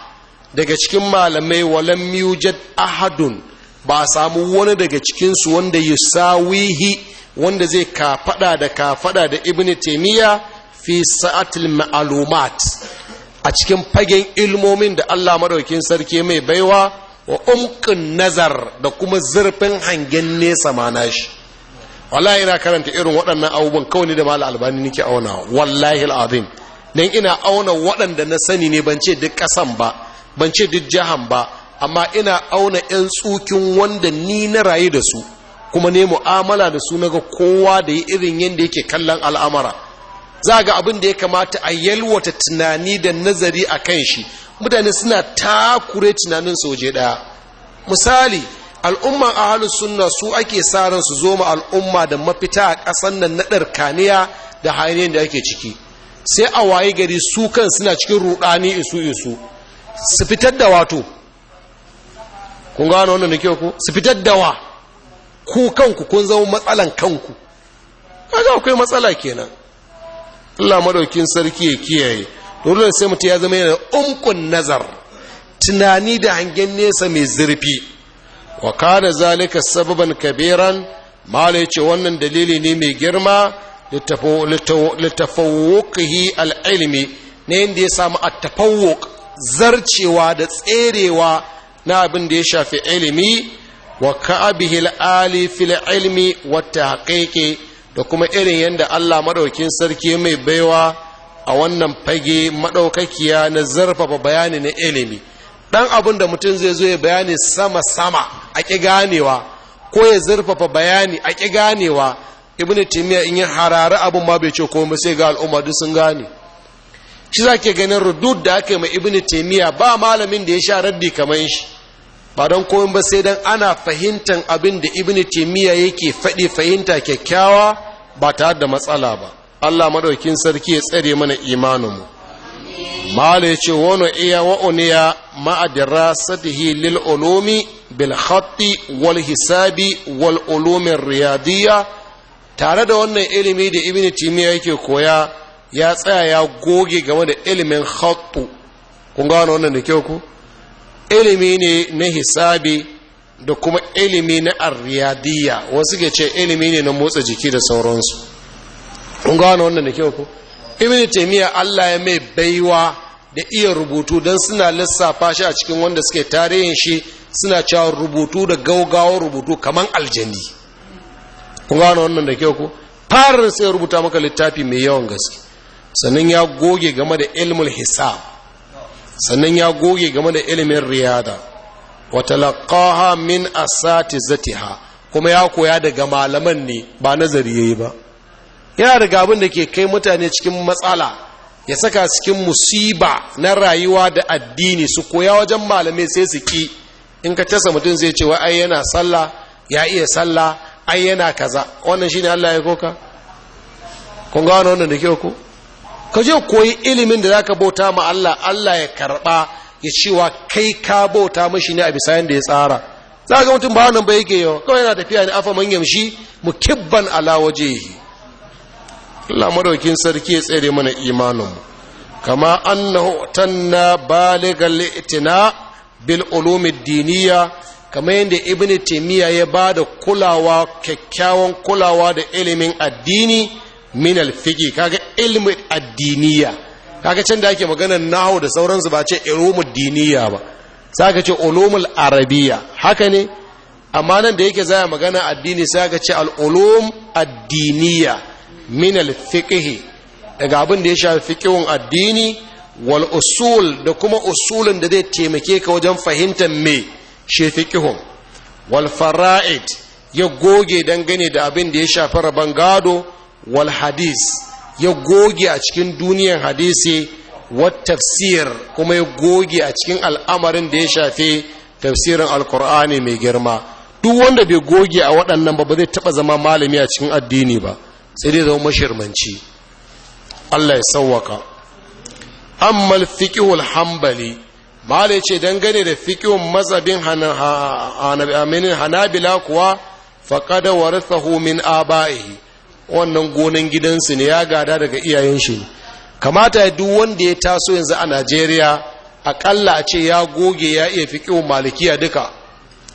daga cikin malamai walam yujad ahadun ba samu wani daga cikinsu wanda yusawihi wanda zai kafada da kafada da ibn taimiyya fi sa'atil ma'alumat a cikin fagen ilmomin da Allah madaukin sarki mai baiwa wa umkin nazar da kuma zurfin hangen nesa ma nashi wallahi ina karanta irin waɗannan abubuwan kawai ne da mala albani nake auna wallahi alazim dan ina auna waɗanda na sani ne ban ce duk ƙasan ba ban ce duk jahan ba amma ina auna ƴan tsukin wanda ni na rayu da su kuma ne mu'amala da su naga kowa da yi irin yadda yake kallon al'amara za ga abin da ya kamata a yalwata tunani da nazari a kan shi mutane suna takure tunanin soje ɗaya misali al'umman ahalus sunna su ake sa ran su zo ma al'umma da mafita a ƙasan nan na kaniya da hayaniyar da ake ciki sai a waye gari su kan suna cikin ruɗani isu isu su fitar da wato kun gano wannan da kyau ku su fitar da wa ku kanku kun zama matsalan kanku kaga akwai matsala kenan Allah madaukin sarki ya kiyaye dole sai mutum ya zama yana umkun nazar tunani da hangen nesa mai zurfi wa kana zalika sababan kabiran mala yace wannan dalili ne mai girma litafawuqihi al-ilmi ne inda ya samu at-tafawuq zarcewa da tserewa na abin da ya shafi ilimi wa ka'abihi al-ali fil ilmi wa tahqiqi da kuma irin yadda Allah madaukin sarki mai baiwa a wannan fage maɗaukakiya na zarfafa bayani na ilimi ɗan abin da mutum zai zo ya bayani sama-sama a ƙi ganewa ko ya zarfafa bayani a ƙi ganewa ibn timiyya in yi harara abin ma bai ce ko sai ga al'umma duk sun gane shi za ke ganin rudud da aka yi ma ibn timiyya ba malamin da ya sha raddi kamar shi ba don komai ba sai don ana fahimtar abin da ibn timiyya yake faɗi fahimta kyakkyawa ba tare da matsala ba Allah madaukin sarki ya tsare mana imaninmu mala ya ce wano iya wa'uniya ma'adira sadihi lil ulumi bil khatti wal hisabi wal ulumin riyadiyya tare da wannan ilimi da ibn timiya yake koya ya tsaya ya goge game da ilimin khattu kun gano wannan da kyau ku ilimi ne na hisabi da kuma ilimi na riyadiyya, wasu ke ce ilimi ne na motsa jiki da sauransu kun gano wannan da kyau ko ibn taymiya Allah ya mai baiwa da iya rubutu dan suna lissafa shi a cikin wanda suke tarihin shi suna cewa rubutu da gaugawo rubutu kaman aljanni kun gano wannan da kyau ko farin sai rubuta maka littafi mai yawan gaske sannan ya goge game da ilmul hisab sannan ya goge game da ilimin riyada wa talaqaha min asatizatiha kuma ya koya daga malaman ne ba nazari yayi ba yana da gabin da ke kai mutane cikin matsala ya saka cikin musiba na rayuwa da addini su koya wajen malamai sai su ki in ka tasa mutum zai ce wa ai yana sallah ya iya sallah ai yana kaza wannan shine Allah ya koka kun ga wannan da ke ko ka je koyi ilimin da zaka bauta ma Allah Allah ya karba ya cewa kai ka bauta mashi ne a bisa da ya tsara za ga mutum ba wannan ba yake yau kawai yana tafiya ne afa man yamshi mukibban ala wajehi Allah madaukin sarki ya tsere mana imaninmu kama annahu tanna baligal litina bil ulumid diniya kama yadda ibn timiya ya ba da kulawa kyakkyawan kulawa da ilimin addini min al kaga ilmi addiniya kaga can da ake maganar nahu da sauransu ba ce ilimin diniya ba sai ka ce ulumul arabiya haka ne amma nan da yake zaya magana addini sai ka ce al ulum addiniya min al daga abin da ya shafi fiqhun addini wal usul da kuma usulin da zai taimake ka wajen fahimtar me shi fiqhun wal fara'id ya goge dangane da abin da ya shafi rabon gado wal hadis ya goge a cikin duniyar hadisi wat tafsir kuma ya goge a cikin al'amarin da ya shafi tafsirin alkur'ani mai girma duk wanda bai goge a waɗannan ba ba zai taɓa zama malami a cikin addini ba sai dai zama mashirmanci Allah ya sawwaka amma fiqhul hanbali malai ce dangane da fiqhun mazhabin hanabila kuwa faqad warathahu min abaihi wannan gonan gidansu ne ya gada daga iyayen shi kamata ya duk wanda ya taso yanzu a Najeriya akalla a ce ya goge ya iya fiqhun malikiya duka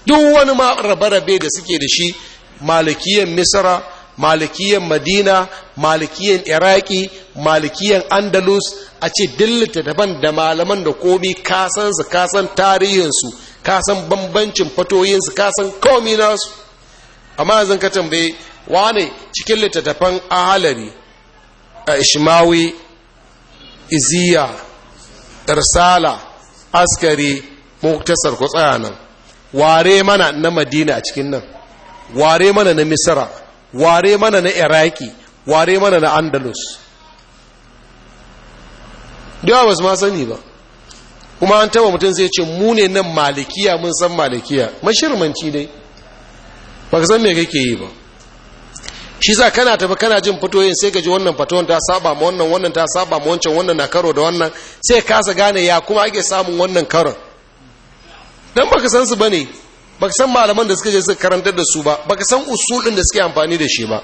duk wani ma rabe-rabe da suke da shi malikiyan misra malikiyan madina malikiyan iraki malikiyan andalus a ce dillita daban da malaman da komi kasansu kasan tarihinsu kasan bambancin fatoyinsu kasan komi nasu amma yanzu ka tambaye wane cikin littattafan ahalari a ishmawi iziya irsala askari muktasar ku tsaya nan ware mana na madina a cikin nan ware mana na misra ware mana na iraki ware mana na andalus da ba su ma sani ba kuma an taba mutum zai ce mu ne nan malikiya mun san malikiya mashirmanci dai ba ka san me kake yi ba shi za kana tafi kana jin fitoyin sai ka ji wannan fatowar ta saba ma wannan wannan ta saba ma wancan wannan na karo da wannan sai kasa gane ya kuma ake samun wannan karon dan baka san su bane baka san malaman da suka je suka karantar da su ba baka san usulin da suke amfani da shi ba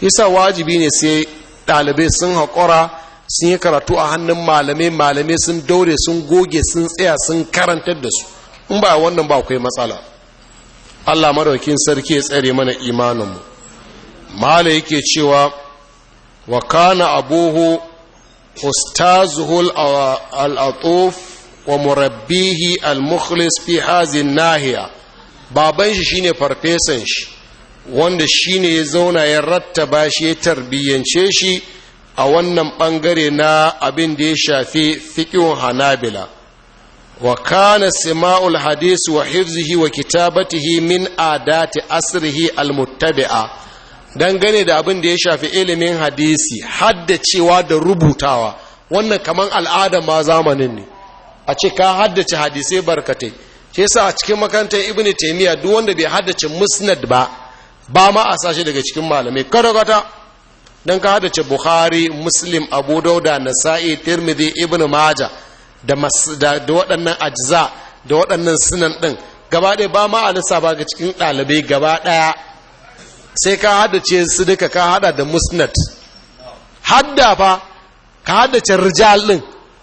shi yasa wajibi ne sai dalibai sun haƙura sun yi karatu a hannun malamai malamai sun daure sun goge sun tsaya sun karantar da su in ba wannan ba akwai matsala Allah maraukin sarki ya tsare mana imanin mu. mala yake cewa wa kana abuhu ustazuhul al-atuf wa murabbihi al-mukhlis fi hazi nahiya baban shi shine farfesan shi wanda shine ya zauna ya rattaba shi ya tarbiyyance shi a wannan bangare na abin da ya shafi fiqhun hanabila wa kana sima'ul hadisi wa hifzihi wa kitabatihi min adati asrihi almuttabi'a dangane da abin da ya shafi ilimin hadisi haddacewa da rubutawa wannan kaman al'ada ma zamanin ne a ce ka haddace hadisai barkatai shi yasa a cikin makarantar ibn taymiya duk wanda bai haddace musnad ba ba ma a sashi daga cikin malamai karagata kwata don ka haddace bukhari muslim abu dauda nasa'i tirmidhi ibn maja da waɗannan ajza da waɗannan sunan ɗin gaba ɗaya ba ma a lissafa ga cikin ɗalibai gaba ɗaya sai ka haddace su duka ka hada da musnad hadda fa ka haddace rijal ɗin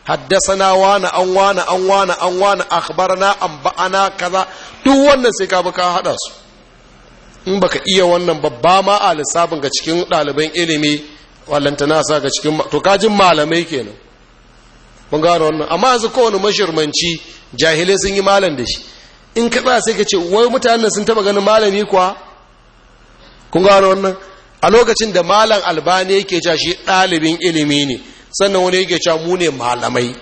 haddasana wani an wani an wani an wani akhbarana an ba'ana kaza duk wannan sai ka bi ka haɗa su in baka iya wannan babba ma a lissafin ga cikin ɗaliban ilimi na sa ga cikin to kajin malamai kenan mun gano wannan amma yanzu kowane mashirmanci jahilai sun yi malam da shi in ka tsaya sai ka ce wai mutanen sun taba ganin malami kuwa kun gano wannan a lokacin da malam albani yake ja shi ɗalibin ilimi ne sannan wani yake cewa mu ne malamai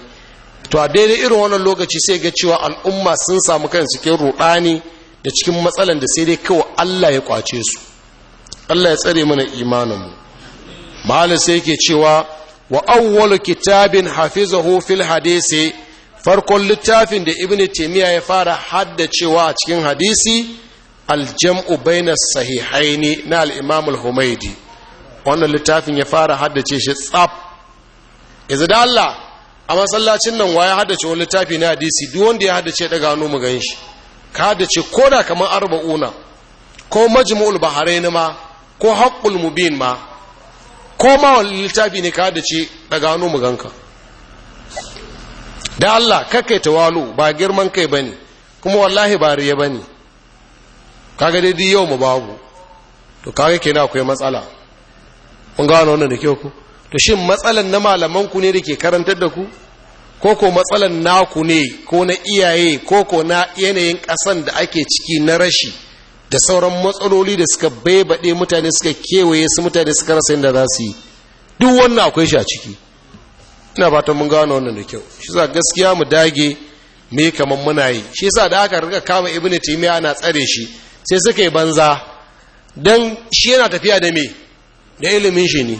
to a daidai irin wannan lokaci sai ga cewa al'umma sun samu kan cikin rudani da cikin matsalan da sai dai kawai Allah ya kwace su Allah ya tsare mana imanin mu malam sai yake cewa wa awwalu kitabin hafizahu fil hadisi farkon littafin da ibn taymiya ya fara haddacewa a cikin hadisi aljam'u baina sahihaini na al-imam al-humaydi wannan littafin ya fara haddace shi tsaf yanzu da Allah a masallacin nan waya haddace wani littafi na hadisi duk wanda ya haddace daga hannu mu gan shi ka haddace ko da kamar arba'una ko majmu'ul baharain ma ko haqqul mubin ma ko ma wani littafi ne ka haddace daga hannu mu ganka da Allah ta tawalu ba girman kai bane kuma wallahi ba riya bane kaga daidai yau mu babu to kaga kenan akwai matsala kun gano wannan da kyau ku to shin matsalan na malaman ku ne da ke karantar da ku ko ko matsalan naku ne ko na iyaye ko ko na yanayin ƙasan da ake ciki na rashi da sauran matsaloli da suka baibaɗe mutane suka kewaye su mutane suka rasa yadda za su yi duk wannan akwai shi a ciki ina fatan mun gano wannan da kyau shi sa gaskiya mu dage me kaman muna yi shi sa da aka riga kama ibnu taymiya ana tsare shi sai suka yi banza dan shi yana tafiya da me da ilimin shi ne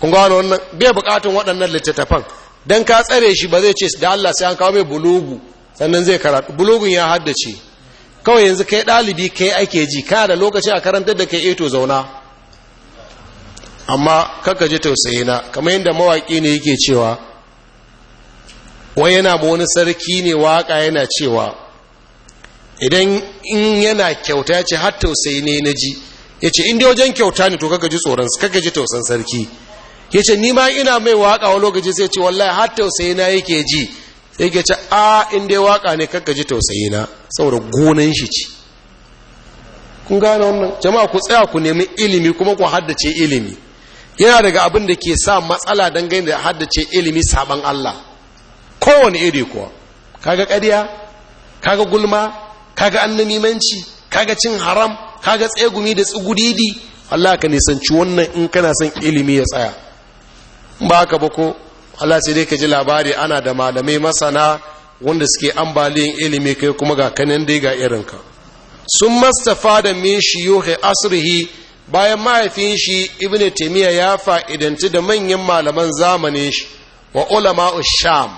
kun gano wannan bai bukatun waɗannan littattafan Don ka tsare shi ba zai ce da Allah sai an kawo mai bulugu sannan zai karatu bulugun ya haddace kawai yanzu kai ɗalibi kai ake ji ka da lokaci a karantar da kai eto eh zauna amma kaka ji tausayi na kamar yadda mawaƙi ne yake cewa wai yana ba wani sarki ne waƙa yana cewa idan in yana kyauta ya ce har tausayi ne na ji ya ce inda wajen kyauta ne to kaka ji tsoron kaka ji tausan sarki ya ce ni ma ina mai waka wa lokaci sai ce wallahi har tausayi na yake ji sai ke ce a in dai waka ne kakka ji tausayi na saboda gonan shi ce kun gane wannan jama'a ku tsaya ku nemi ilimi kuma ku haddace ilimi yana daga abin da ke sa matsala dangane da haddace ilimi saban Allah kowane iri kuwa kaga ƙarya kaga gulma kaga annamimanci kaga cin haram kaga tsegumi da tsugudidi Allah ka nisanci wannan in kana son ilimi ya tsaya ba haka ba ko Allah sai dai ka ji labari ana da malamai masana wanda suke ambaliyan ilimi kai kuma ga kanin dai ga irin ka. sun mastafa da min shiyuhi asrihi bayan mahaifin shi ibn taimiyya ya fa'idanci da manyan malaman zamanin shi wa ulama sham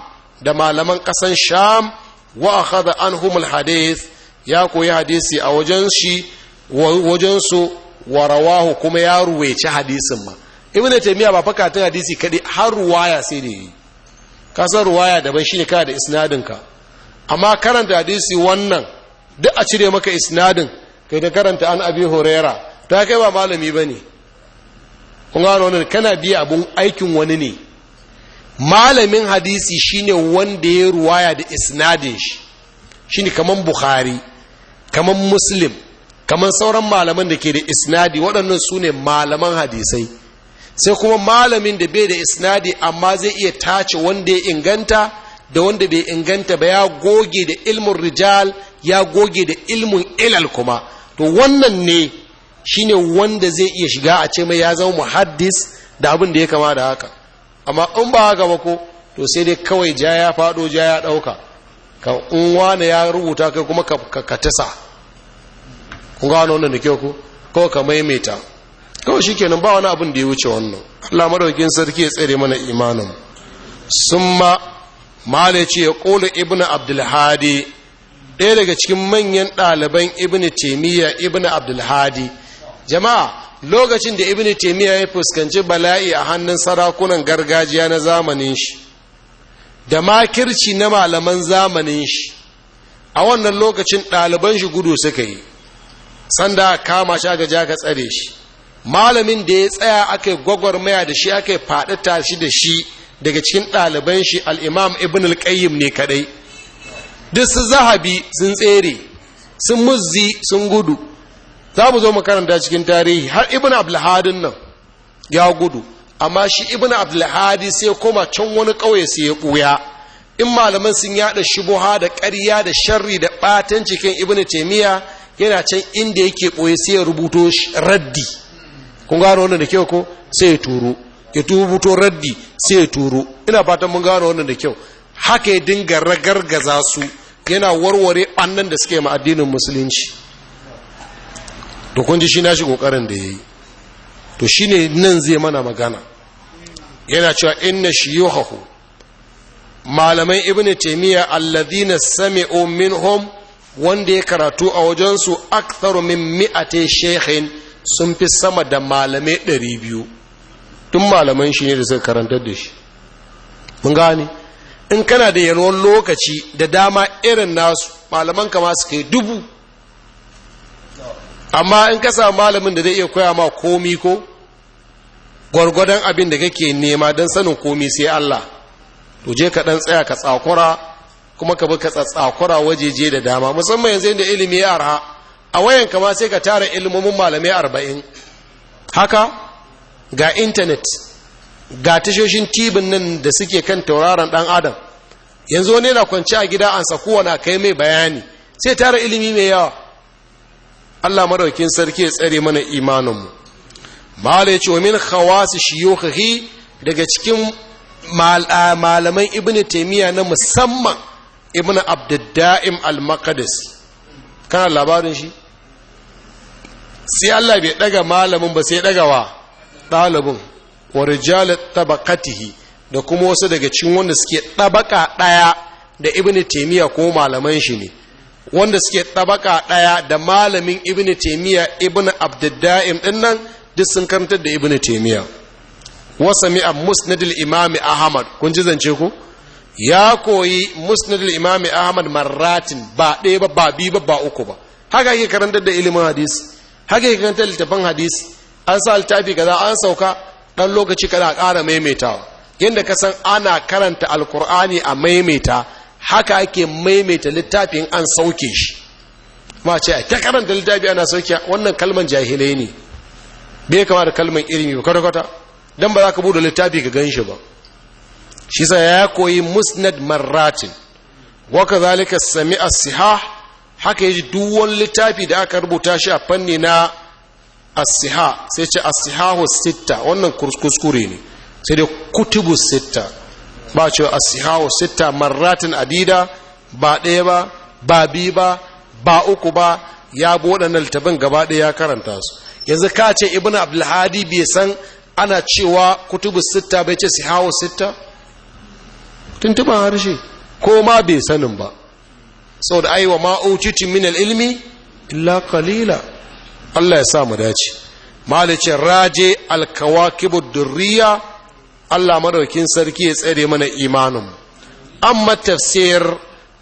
da malaman kasan sham wa akhadha anhum hadith ya koyi hadisi a wajen wajen su wa rawahu kuma ya ruwaici hadisin ma ibn taymiya ba faka hadisi kadai har ruwaya sai da yi ka san ruwaya daban shine kana da isnadin ka amma karanta hadisi wannan duk a cire maka isnadin kai da karanta an abi huraira ta kai ba malami bane kun gano wannan kana biya abun aikin wani ne malamin hadisi shine wanda ya ruwaya da isnadin shi shine kaman bukhari kaman muslim kaman sauran malaman da ke da isnadi waɗannan su ne malaman hadisai sai kuma malamin da bai da isnadi amma zai iya tace wanda ya inganta da wanda bai inganta ba ya goge da ilmin rijal ya goge da ilmin ilal kuma to wannan ne shine wanda zai iya shiga a ce mai ya zama muhaddis da abin da ya kama da haka amma in ba haka ba ko to sai dai kawai ja ya faɗo ja ya ɗauka Ka in wane ya rubuta kai kuma ka tasa kun wani wannan da kyau ko kawai ka maimaita kawai shi kenan ba wani abin da ya wuce wannan allah sarki ya tsere mana imanin sun ma mala ce ya kola ibn abdulhadi ɗaya daga cikin manyan ɗaliban ibn taimiyya ibn abdulhadi jama'a lokacin da ibn taimiyya ya fuskanci bala'i a hannun sarakunan gargajiya na zamanin shi da makirci na malaman zamanin shi a wannan lokacin ɗaliban shi gudu suka yi sanda kama shi aka ja ka tsare shi malamin da ya tsaya aka yi gwagwarmaya da shi aka yi faɗi tashi da shi daga cikin ɗaliban shi al'imam ibn al ne kaɗai duk su zahabi sun tsere sun muzzi sun gudu za mu zo makaranta cikin tarihi har ibn abdulhadin nan ya gudu amma shi ibn abdulhadi sai koma can wani ƙauye sai ya ɓuya in malaman sun yaɗa shubuha da ƙarya da sharri da ɓatan cikin ibn taimiyya yana can inda yake ɓoye sai ya rubuto raddi kun gano wannan da kyau ko sai ya turo ya tubuto raddi sai ya turo ina fatan mun gano wannan da kyau haka ya dinga ragar ragargaza su yana warware annan da suke ma addinin musulunci to kun ji shi shi kokarin da yayi to shine nan zai mana magana yana cewa inna shiyuhahu Malamai ibnu taymiya alladhina sami'u minhum wanda ya karatu a wajensu aktharu min mi'ati shaykhin sun fi sama da malamai ɗari biyu tun malaman shi ne da suka karantar da shi mun gane in kana da yalwar lokaci da dama irin nasu malaman kama su kai dubu amma in ka samu malamin da zai iya koya ma komi ko gwargwadon abin da kake nema don sanin komi sai Allah to je ka dan tsaya ka tsakura kuma ka bi ka tsatsakura wajeje da dama musamman yanzu da ilimi ya arha a wayan kama sai ka tara ilmomin malamai arba'in haka ga intanet ga tashoshin tibin nan da suke kan tauraron dan adam yanzu wani na kwanci a gida an sakuwa na kai mai bayani sai tara ilimi mai yawa allah maraukin sarki ya tsare mana imaninmu mahala ya ce wa min yi shiyokhi daga cikin malaman ibn taimiyya na musamman ibn abdudda'im al makadis kana labarin shi sai Allah bai daga malamin ba sai daga wa ɗalibin wa rijal tabaqatihi da kuma wasu daga cikin wanda suke tabaka daya da ibnu taymiya ko malaman shi ne wanda suke tabaka daya da malamin ibnu taymiya ibnu abdudda'im nan duk sun karantar da ibnu taymiya wa sami'a musnadil imami ahmad kun ji zance ku ya koyi musnadul imam ahmad marratin ba ɗaya ba ba biyu ba ba uku ba haka yake karantar da ilimin hadisi haka yake karantar littafin hadisi an sa littafi kaza an sauka dan lokaci kada a ƙara maimaitawa yadda ka san ana karanta alkur'ani a maimaita haka ake maimaita littafin an sauke shi ma ce ta karanta littafi ana sauke wannan kalman jahilai ne bai kama da kalman ilimi ba kwata-kwata don ba za ka bude littafi ka gan shi ba shi sa ya koyi musnad marratin waka zalika sami asiha? haka yaji duk littafi da aka rubuta shi a fanni na asiha. siha sai ce as hu sitta wannan kuskure ne sai dai kutubu sitta ba ce as hu sitta maratin adida ba ɗaya ba ba biyu ba ba uku ba ya bi waɗannan littafin gaba ɗaya ya karanta su yanzu ka ce ibn abdulhadi bai san ana cewa kutubu sitta bai ce sihahu sitta tuntuban harshe ko ma bai sanin ba sau da aiwa ma'aucici min ilmi illa kalila Allah ya sa mu dace malice raje alkawakibu durriya Allah madaukin sarki ya tsare mana imanin amma tafsir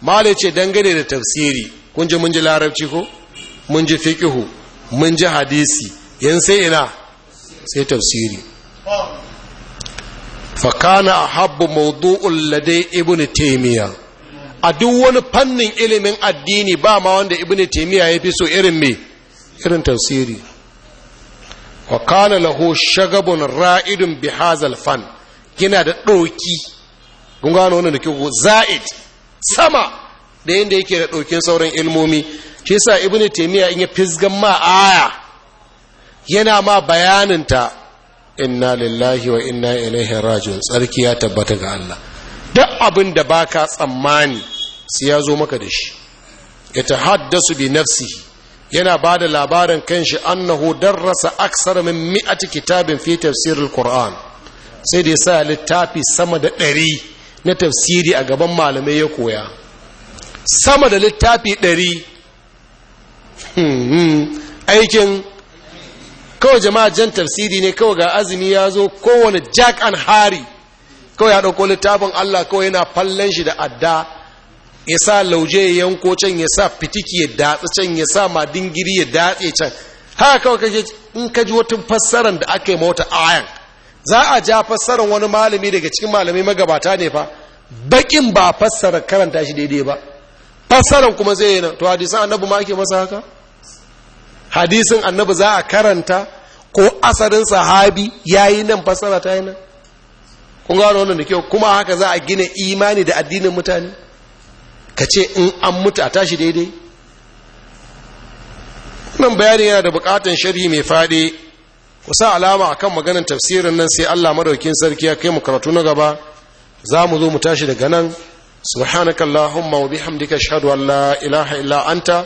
malice dangane da tafsiri kun ji mun ji larabci ko mun ji fiqihu mun ji hadisi yan sai ina sai tafsiri fakana a habbu maudu'un lade ibn taimiyya a duk wani fannin ilimin addini ba ma wanda ibn taimiyya ya fi so irin me irin tafsiri wakana laho shagabun ra'idun bihazal fan da ɗauki kun gano wannan da kyau za'id sama da yadda yake da ɗaukin sauran ilmomi shi sa ibn taimiyya in ya fisgan ma aya yana ma bayaninta inna lillahi wa inna ilaihi rajiun tsarki ya tabbata ga Allah duk abin da baka tsammani sai ya zo maka da shi ya tahaddasu bi nafsihi yana ba da labarin kanshi annahu darrasa aksar min mi'ati kitabin fi tafsirul qur'an sai da sa littafi sama da ɗari na tafsiri a gaban malamai ya koya sama da littafi ɗari hmm, hmm. aikin kawai jama'a jan tafsiri ne kawai ga azumi ya zo kowane jack and Harry. kawai ya ɗauko littafin allah kawai yana fallon shi da adda ya sa lauje ya yanko can ya sa fitiki ya datsi can ya sa madingiri ya datse can haka kawai kaje in ka ji wata fassarar da aka yi mota ayan za a ja fassarar wani malami daga cikin malamai magabata ne fa bakin ba fassarar karanta shi daidai ba fassarar kuma zai yi nan to hadisan annabi ma ake masa haka hadisin annabi za a karanta ko asarin sahabi ya yi nan fasara ta yi nan kun gano wannan da kyau kuma haka za a gina imani da addinin mutane ka ce in an mutu a tashi daidai nan bayani yana da bukatan sharhi mai faɗi ku sa alama akan maganar tafsirin nan sai Allah madaukin sarki ya kai mu karatu na gaba za mu zo mu tashi daga nan subhanakallahumma wa bihamdika ashhadu an la ilaha illa anta